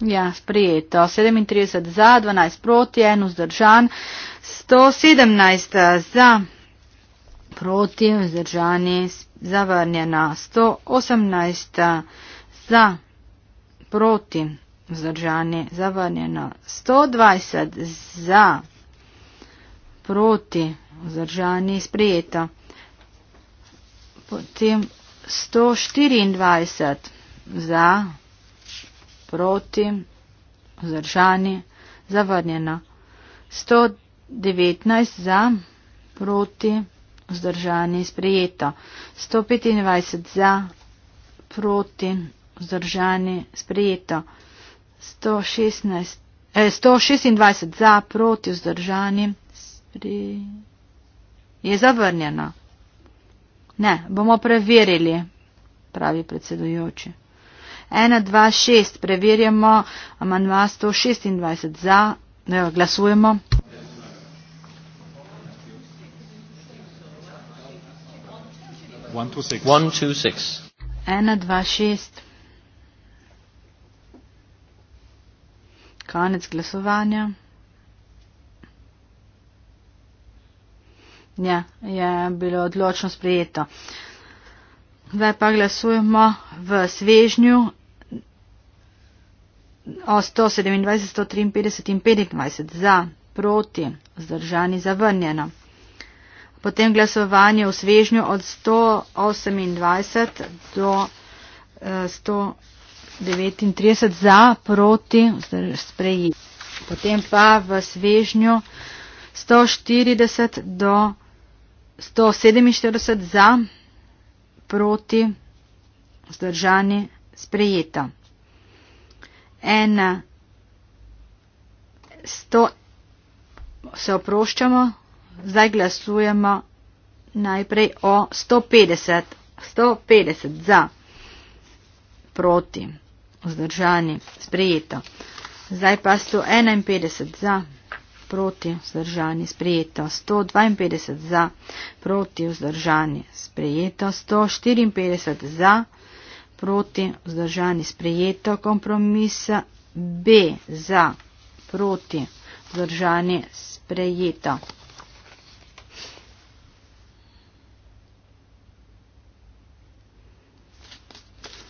Speaker 4: Ja, sprejeto. 37 za, 12 proti, 1 vzdržan, 117 eh, za, proti, vzdržani, zavrnjena, 118 eh, za, proti, vzdržani, zavrnjena, 120 za, proti, vzdržani, sprejeto. Potem 124 za, proti, vzdržani, zavrnjeno. 119 za, proti, vzdržani, sprejeto. 125 za, proti, vzdržani, sprejeto. 116, eh, 126 za, proti, vzdržani, sprejeto. Je zavrnjeno. Ne, bomo preverili, pravi predsedujoči. 1, 2, 6, preverjamo amandma 126 za, ne, glasujemo. Ena, dva, šest. Konec glasovanja. Ja, je bilo odločno sprejeto. Zdaj pa glasujemo v svežnju o 127, 153 in 25 za, proti, zdržani, zavrnjeno. Potem glasovanje v svežnju od 128 do 139 eh, za, proti, sprejeti. Potem pa v svežnju 140 do 139. 147 za, proti, vzdržani, sprejeta. Ena, sto, se oproščamo, zdaj glasujemo najprej o 150, 150 za, proti, vzdržani, sprejeta. Zdaj pa 151 za proti, vzdržani, sprejeto 152 za, proti, vzdržani, sprejeto 154 za, proti, vzdržani, sprejeto kompromisa B za, proti, vzdržani, sprejeto.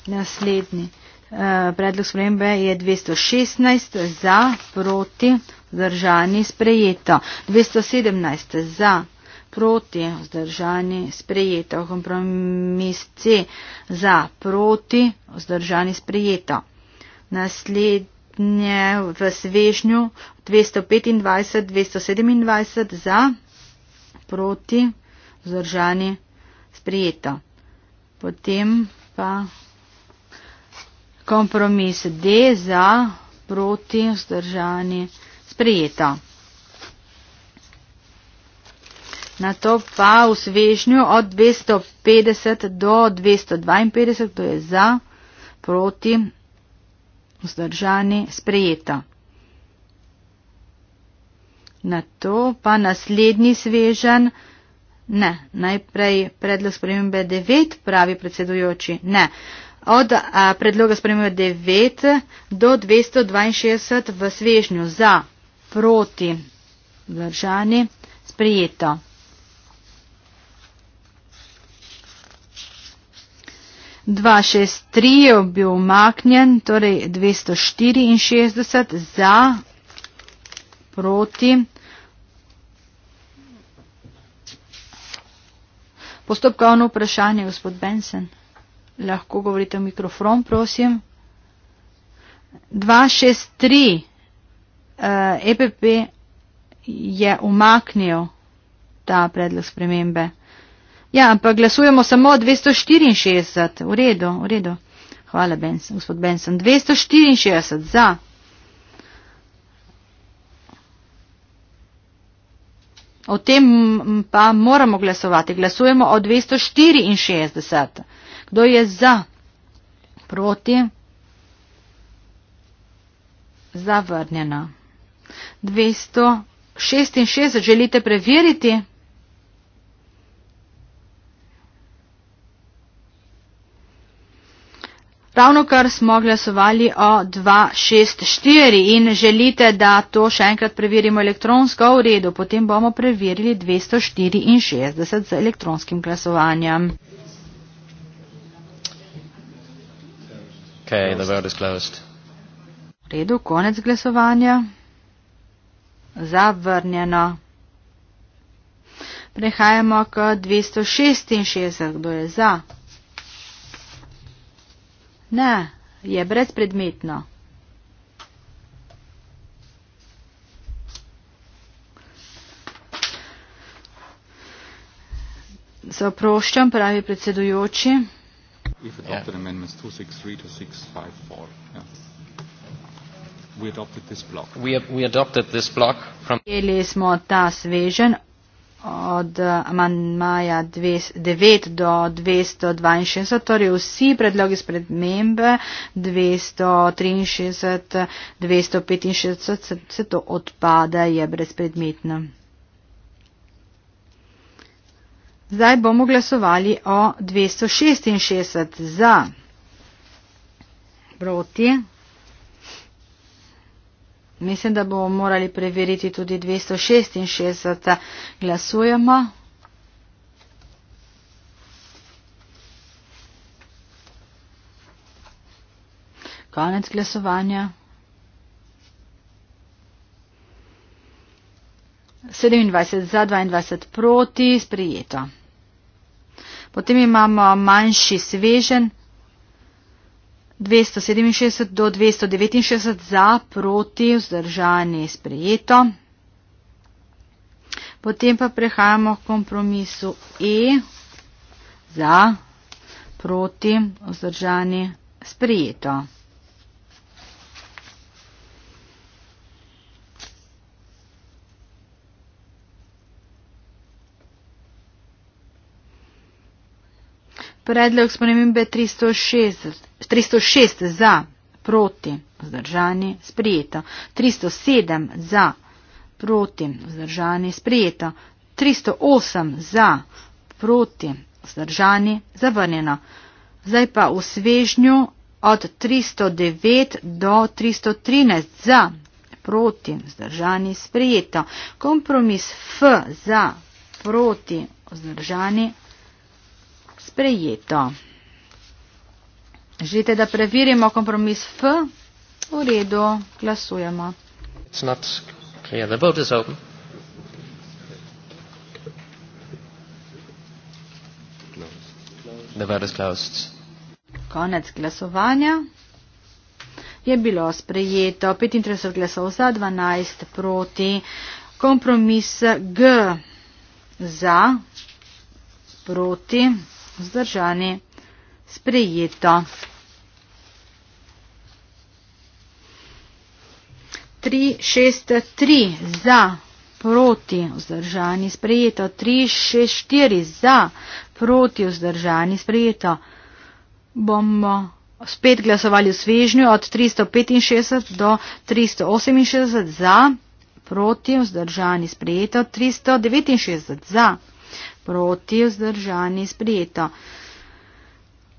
Speaker 4: Naslednji. Eh, predlog spremembe je 216 za proti vzdržani, sprejeto. 217 za, proti, vzdržani, sprejeto. Kompromis C za, proti, vzdržani, sprejeto. Naslednje v svežnju 225-227 za, proti, vzdržani, sprejeto. Potem pa kompromis D za, proti, vzdržani, sprejeto sprejeto. Na to pa v svežnju od 250 do 252, to je za, proti, vzdržani, sprejeto. Na to pa naslednji svežen, ne, najprej predlog spremembe 9, pravi predsedujoči, ne. Od a, predloga spremembe 9 do 262 v svežnju za proti vzdržani sprijeto. Dva šest tri je bil umaknjen, torej 264 za proti. Postopkovno vprašanje, gospod Benson. Lahko govorite v mikrofon, prosim. 263 uh, eh, EPP je umaknil ta predlog spremembe. Ja, ampak glasujemo samo 264. V redu, v redu. Hvala, Benson, gospod Benson. 264 za. O tem pa moramo glasovati. Glasujemo o 264. Kdo je za? Proti? Zavrnjena. 266 želite preveriti? Ravno kar smo glasovali o 264 in želite, da to še enkrat preverimo elektronsko v redu, potem bomo preverili 264 z elektronskim glasovanjem.
Speaker 2: Okay, the vote is closed.
Speaker 4: Redu, konec glasovanja zavrnjeno. Prehajamo k 266. Kdo je za? Ne, je brezpredmetno. Zaproščam, pravi predsedujoči. Prijeli smo ta svežen od manjmaja 9 do 262, torej vsi predlogi spremembe 263, 265, se to odpada, je brezpredmetno. Zdaj bomo glasovali o 266 za. Proti. Mislim, da bomo morali preveriti tudi 266. Glasujemo. Konec glasovanja. 27 za, 22 proti, sprijeto. Potem imamo manjši svežen. 267 do 269 za, proti, vzdržani, sprejeto. Potem pa prehajamo k kompromisu E za, proti, vzdržani, sprejeto. Predlog spremembe 306, 306 za, proti, vzdržani, sprijeto. 307 za, proti, vzdržani, sprijeto. 308 za, proti, vzdržani, zavrnjeno. Zdaj pa v svežnju od 309 do 313 za, proti, vzdržani, sprijeto. Kompromis F za, proti, vzdržani, sprejeto. Želite, da preverimo kompromis F? V redu, glasujemo. Konec glasovanja je bilo sprejeto. 35 glasov za, 12 proti. Kompromis G za proti vzdržani. Sprejeto. 3, 6, 3 za, proti, vzdržani, sprejeto. 3, 6, 4 za, proti, vzdržani, sprejeto. Bomo spet glasovali v svežnju od 365 do 368 za, proti, vzdržani, sprejeto. 369 za proti vzdržani sprijeto.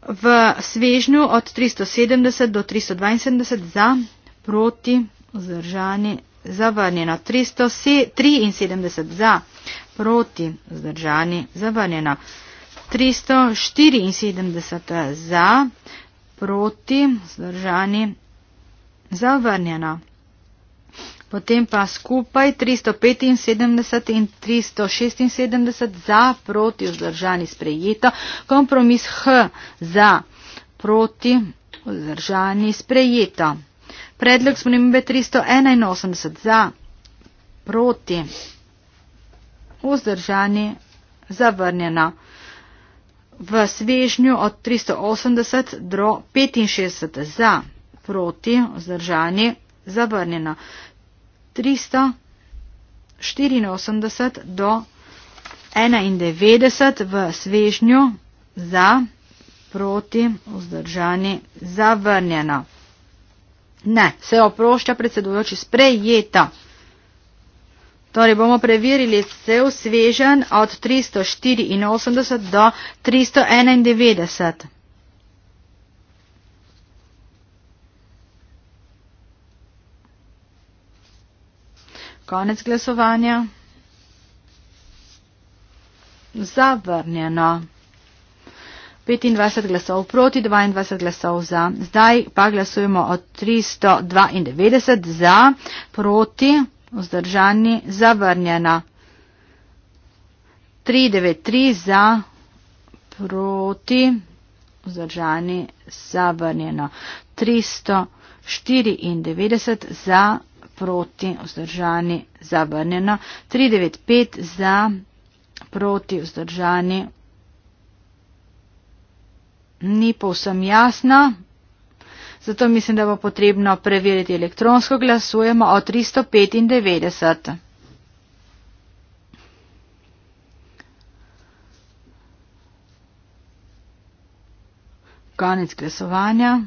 Speaker 4: V svežnju od 370 do 372 za, proti vzdržani zavrnjeno. 373 za, proti vzdržani zavrnjeno. 374 za, proti vzdržani zavrnjeno. Potem pa skupaj 375 in 376 za, proti, vzdržani, sprejeto. Kompromis H za, proti, vzdržani, sprejeto. Predlog spremembe 381 za, proti, vzdržani, zavrnjeno. V svežnju od 380 do 65 za, proti, vzdržani, zavrnjeno. 384 do 91 v svežnju za, proti, vzdržani, zavrnjena. Ne, se oprošča predsedujoči sprejeta. Torej bomo preverili cel svežen od 384 do 391. Konec glasovanja. Zavrnjeno. 25 glasov proti, 22 glasov za. Zdaj pa glasujemo od 392 za, proti, vzdržani, zavrnjena. 393 za, proti, vzdržani, zavrnjena. 394 za, proti, vzdržani, zabrnjeno. 395 za, proti, vzdržani. Ni povsem jasno, zato mislim, da bo potrebno preveriti elektronsko glasujemo o 395. Konec glasovanja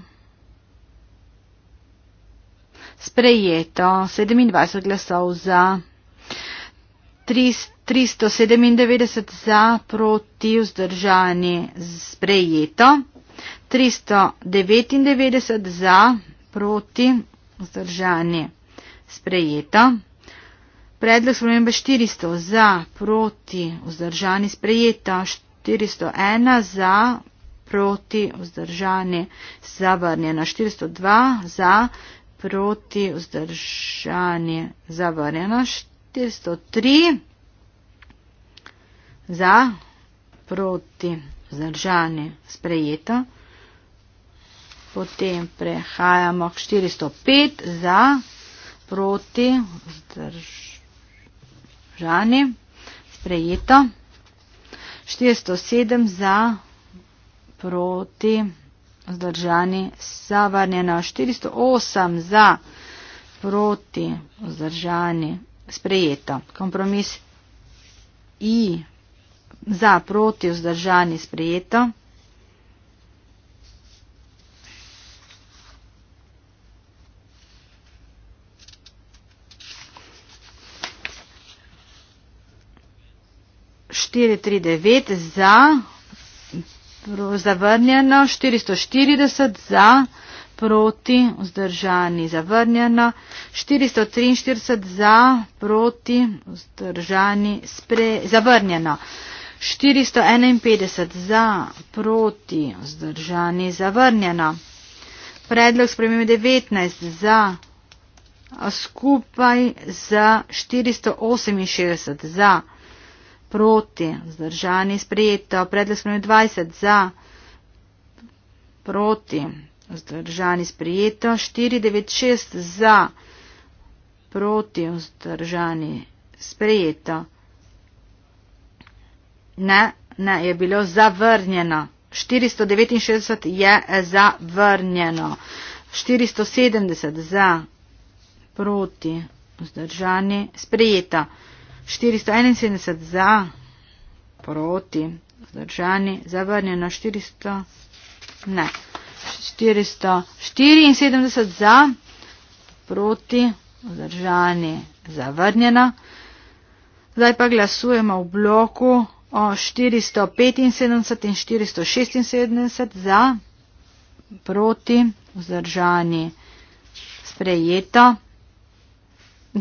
Speaker 4: sprejeto 27 glasov za, 397 za, proti vzdržani sprejeto, 399 za, proti vzdržani sprejeto. Predlog spremembe 400 za, proti vzdržani sprejeto, 401 za, proti vzdržani zavrnjeno, 402 za, proti vzdržanje zavarjeno 403, za proti vzdržanje sprejeto. Potem prehajamo k 405 za proti vzdržanje sprejeto. 407 za proti vzdržanje vzdržani, zavrnjeno 408 za, proti vzdržani, sprejeto. Kompromis I za, proti vzdržani, sprejeto. Štiri, tri, devet za zavrnjeno, 440 za, proti, vzdržani, zavrnjeno, 443 za, proti, vzdržani, spre, zavrnjeno, 451 za, proti, vzdržani, zavrnjeno. Predlog spremembe 19 za, skupaj za 468 za proti, vzdržani, sprejeto, predlog sprememb 20 za, proti, vzdržani, sprejeto, 496 za, proti, vzdržani, sprejeto. Ne, ne, je bilo zavrnjeno. 469 je zavrnjeno. 470 za, proti, vzdržani, sprejeto. 471 za, proti, zdržani, zavrnjeno 400, ne, 474 za, proti, zdržani, zavrnjeno. Zdaj pa glasujemo v bloku o 475 in 476 za, proti, zdržani, sprejeto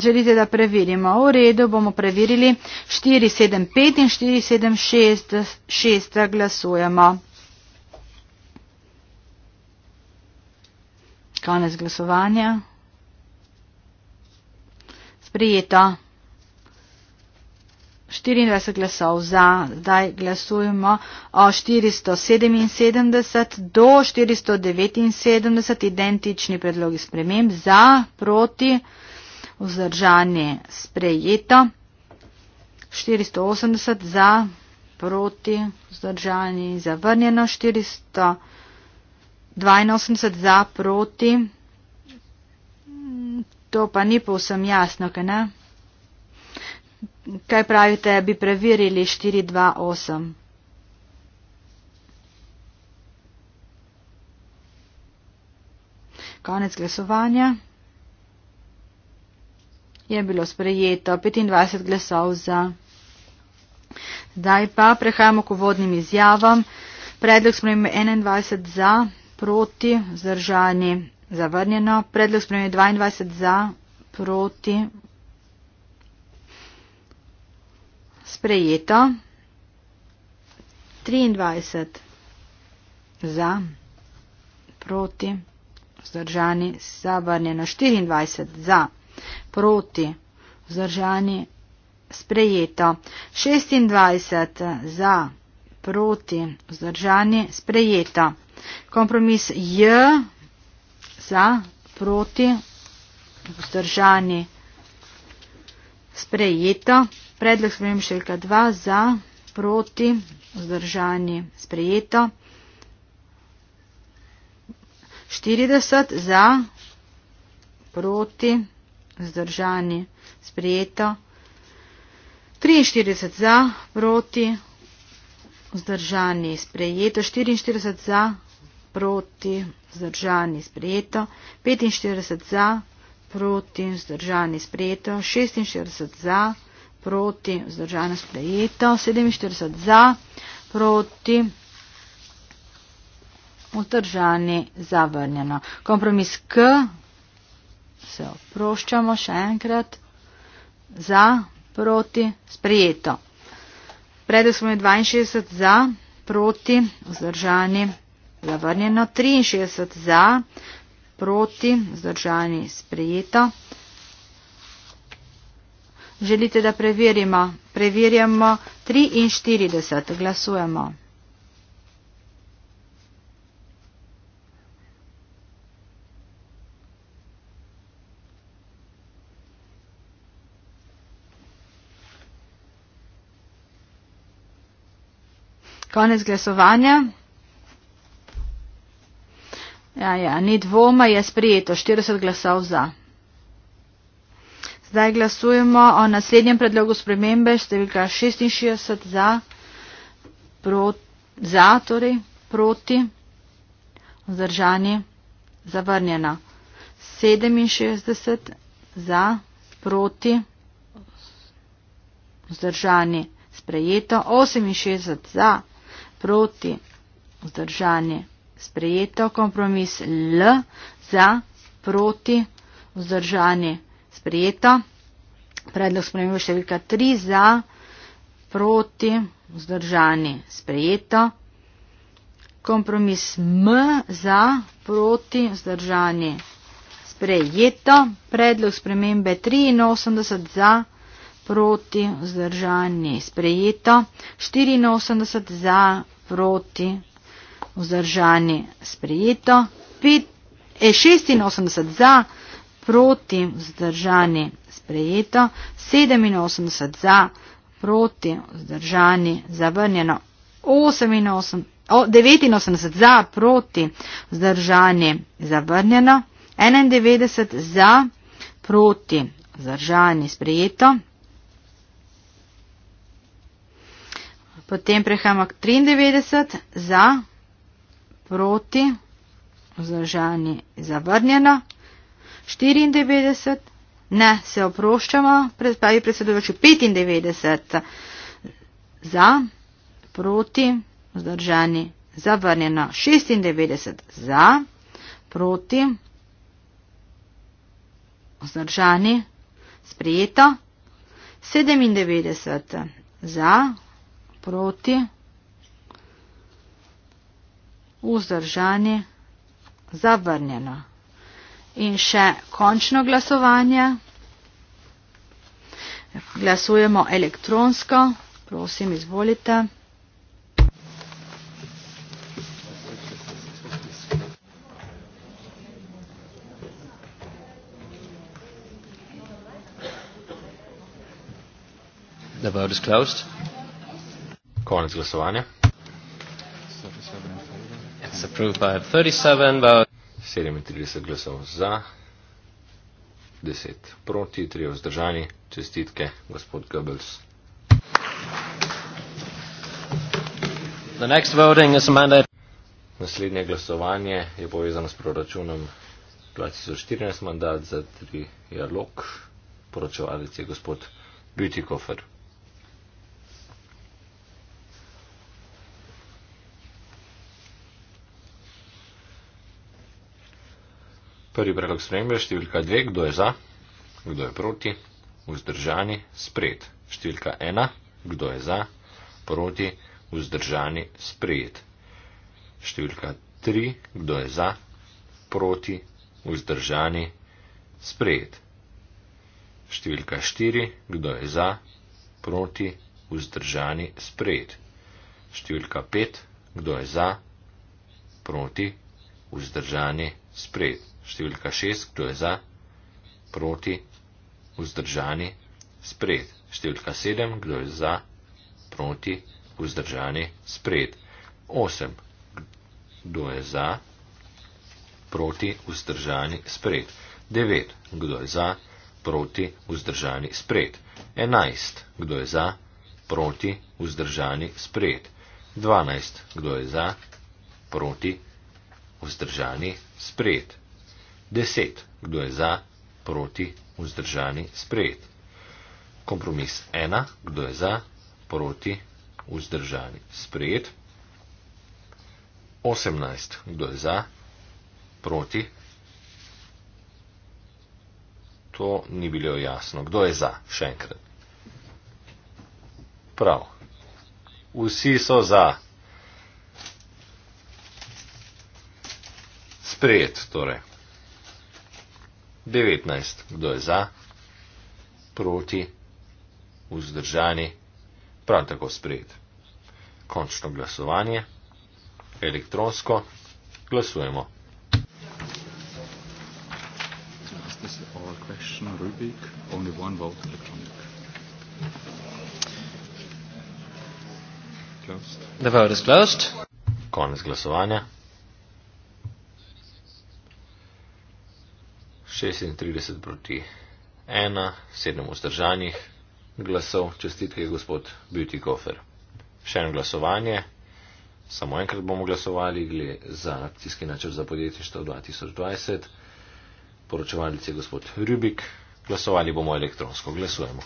Speaker 4: želite, da preverimo. V redu bomo preverili 475 in 476 glasujemo. Konec glasovanja. Sprijeto. 24 glasov za. Zdaj glasujemo o 477 do 479 identični predlogi sprememb za, proti vzdržanje sprejeto, 480 za, proti vzdržanje in zavrnjeno, 482 za, proti. To pa ni povsem jasno, kaj ne? Kaj pravite, bi preverili 428? Konec glasovanja je bilo sprejeto 25 glasov za. Zdaj pa prehajamo k uvodnim izjavam. Predlog spremembe 21 za, proti, zdržani, zavrnjeno. Predlog spremembe 22 za, proti, sprejeto. 23 za, proti, zdržani, zavrnjeno. 24 za proti vzdržani sprejeto. 26 za proti vzdržani sprejeto. Kompromis J za proti vzdržani sprejeto. Predlog spremem številka 2 za proti vzdržani sprejeto. 40 za proti vzdržani sprejeto vzdržani, sprijeto. 43 za, proti, vzdržani, sprijeto. 44 za, proti, vzdržani, sprijeto. 45 za, proti, vzdržani, sprijeto. 46 za, proti, vzdržani, sprijeto. 47 za, proti, vzdržani, zavrnjeno. Kompromis K se oproščamo še enkrat za, proti, sprijeto. Predaj smo imeli 62 za, proti, vzdržani, zavrnjeno, 63 za, proti, vzdržani, sprijeto. Želite, da preverimo? Preverjamo 43, glasujemo. Konec glasovanja. Ja, ja, ni dvoma, je sprijeto. 40 glasov za. Zdaj glasujemo o naslednjem predlogu spremembe, številka 66 za, pro, za torej, proti, vzdržani, zavrnjena. 67 za, proti, vzdržani, sprejeto. 68 za proti vzdržanje. Sprejeto kompromis L za proti vzdržanje. Sprejeto. Predlog spremembe številka 3 za proti vzdržanje. Sprejeto. Kompromis M za proti vzdržanje. Sprejeto. Predlog spremembe 83 za proti vzdržanje proti, vzdržani, sprejeto, 84 za, proti, vzdržani, sprejeto, 5, e, 86 za, proti, vzdržani, sprejeto, 87 za, proti, vzdržani, zavrnjeno, 88, o, 89 za, proti, vzdržani, zavrnjeno, 91 za, proti, vzdržani, sprejeto, Potem prehajamo k 93 za, proti, vzdržani zavrnjeno. 94, ne, se oproščamo, pravi predsedujoči 95 za, proti, vzdržani zavrnjeno. 96 za, proti, vzdržani, sprijeto. 97 za, proti, vzdržani, zavrnjeno. In še končno glasovanje. Glasujemo elektronsko. Prosim, izvolite.
Speaker 1: The vote is closed. Konec glasovanja. 37 glasov za, 10 proti, 3 vzdržani. Čestitke, gospod Goebbels. Naslednje glasovanje je povezano s proračunom 2014 mandat za trialog. Poročevalec je gospod Bütikofer. Prvi predlog spremembe je številka 2, kdo je za, kdo je proti, vzdržani, sprejet. Številka 1, kdo je za, proti, vzdržani, sprejet. Številka 3, kdo je za, proti, vzdržani, sprejet. Številka 4, kdo je za, proti, vzdržani, sprejet. Številka 5, kdo je za, proti, vzdržani, sprejet številka 6, kdo je za, proti, vzdržani, spred. Številka 7, kdo je za, proti, vzdržani, spred. 8, kdo je za, proti, vzdržani, spred. 9, kdo je za, proti, vzdržani, spred. 11, kdo je za, proti, vzdržani, spred. 12, kdo je za, proti, vzdržani, spred. 10. Kdo je za, proti, vzdržani, sprejet. Kompromis 1. Kdo je za, proti, vzdržani, sprejet. 18. Kdo je za, proti. To ni bilo jasno. Kdo je za, še enkrat. Prav. Vsi so za. Sprejet, torej. 19. Kdo je za? Proti? Vzdržani? Prav tako sprejet. Končno glasovanje. Elektronsko. Glasujemo. Debate is closed. Konec glasovanja. 36 proti 1, 7 vzdržanih glasov, čestitke gospod Beauty Gofer. Še en glasovanje, samo enkrat bomo glasovali, gre za akcijski načrt za podjetništvo 2020, poročevalic je gospod Rubik, glasovali bomo elektronsko, glasujemo.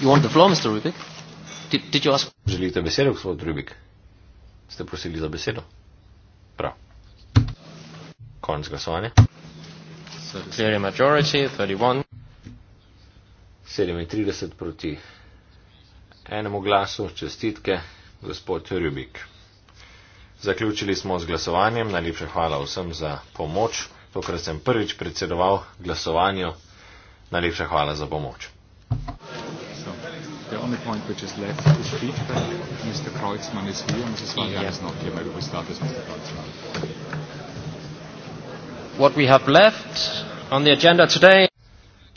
Speaker 1: You want the floor, Mr. Rubik? Ti, ti, če vas... Želite besedo, gospod Rubik? Ste prosili za besedo? Prav. Konec glasovanja. 37 proti enemu glasu, čestitke, gospod Rubik. Zaključili smo z glasovanjem. Najlepša hvala vsem za pomoč. Tokrat sem prvič predsedoval glasovanju. Najlepša hvala za pomoč
Speaker 3: on the point which is left is feedback. Mr. Kreutzmann is here. Mrs.
Speaker 1: Weiler yeah. is not here. Maybe we
Speaker 3: start with Mr. Kreutzmann.
Speaker 1: What we have left on the agenda today.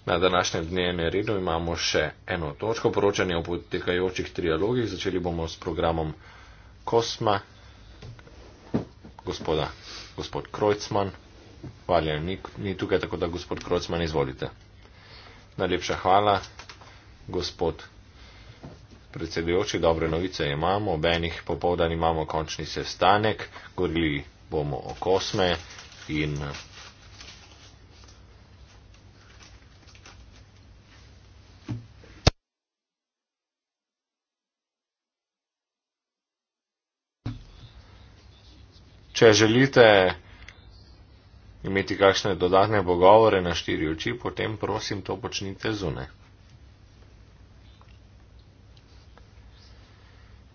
Speaker 1: Na današnjem dnevnem redu imamo še eno točko poročanja o potekajočih trialogih. Začeli bomo s programom Kosma. Gospoda, gospod Krojcman, valja ni, ni tukaj, tako da gospod Krojcman izvolite. Najlepša hvala, gospod predsedujoči, dobre novice imamo, ob enih popovdan imamo končni sestanek, govorili bomo o kosme in. Če želite imeti kakšne dodatne pogovore na štiri oči, potem prosim to počnite zunaj.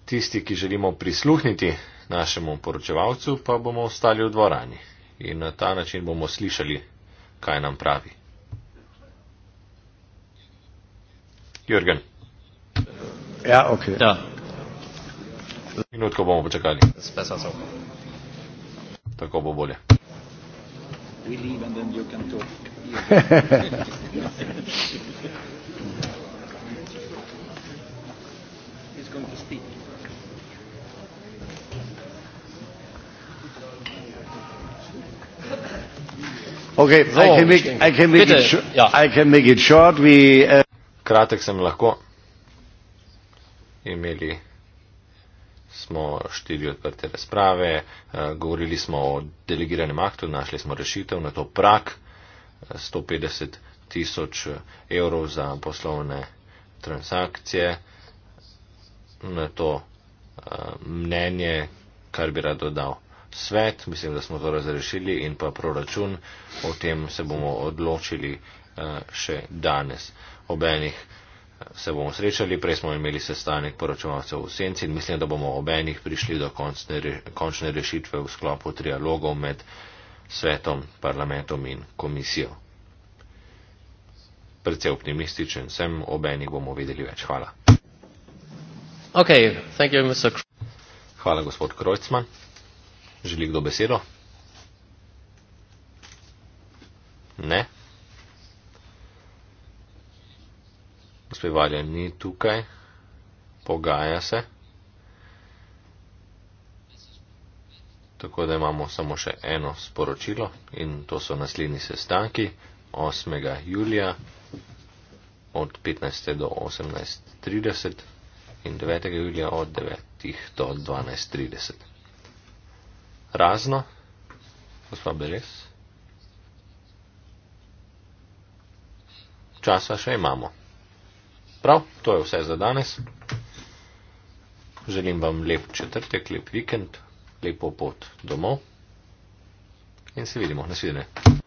Speaker 1: tisti, ki želimo prisluhniti našemu poročevalcu, pa bomo ostali v dvorani in na ta način bomo slišali, kaj nam pravi. Jürgen. Ja, ok. Ja. Minutko bomo počakali. Tako bo bolje. We
Speaker 3: leave and then you can talk. He's going to speak.
Speaker 1: Okay, so, I can make, I can make, bitte, it, ja. I can make it short. We, uh, Kratek sem lahko. Imeli smo štiri odprte razprave, eh, govorili smo o delegiranem aktu, našli smo rešitev na to prak 150 tisoč eh, evrov za poslovne transakcije, na to eh, mnenje, kar bi rad dodal svet, mislim, da smo to razrešili in pa proračun, o tem se bomo odločili eh, še danes. Ob enih eh, se bomo srečali, prej smo imeli sestanek poročevalcev v senci in mislim, da bomo ob enih prišli do končne rešitve v sklopu trialogov med svetom, parlamentom in komisijo. Predvsej optimističen sem, ob enih bomo videli več. Hvala. Okay, thank you, Mr. Hvala, gospod Krojcman. Želi kdo besedo? Ne. Gospod Valja ni tukaj, pogaja se. Tako da imamo samo še eno sporočilo in to so naslednji sestanki 8. julija od 15. do 18.30 in 9. julija od 9. do 12.30 razno, gospa Beres. Časa še imamo. Prav, to je vse za danes. Želim vam lep četrtek, lep vikend, lepo pot domov in se vidimo. Naslednje.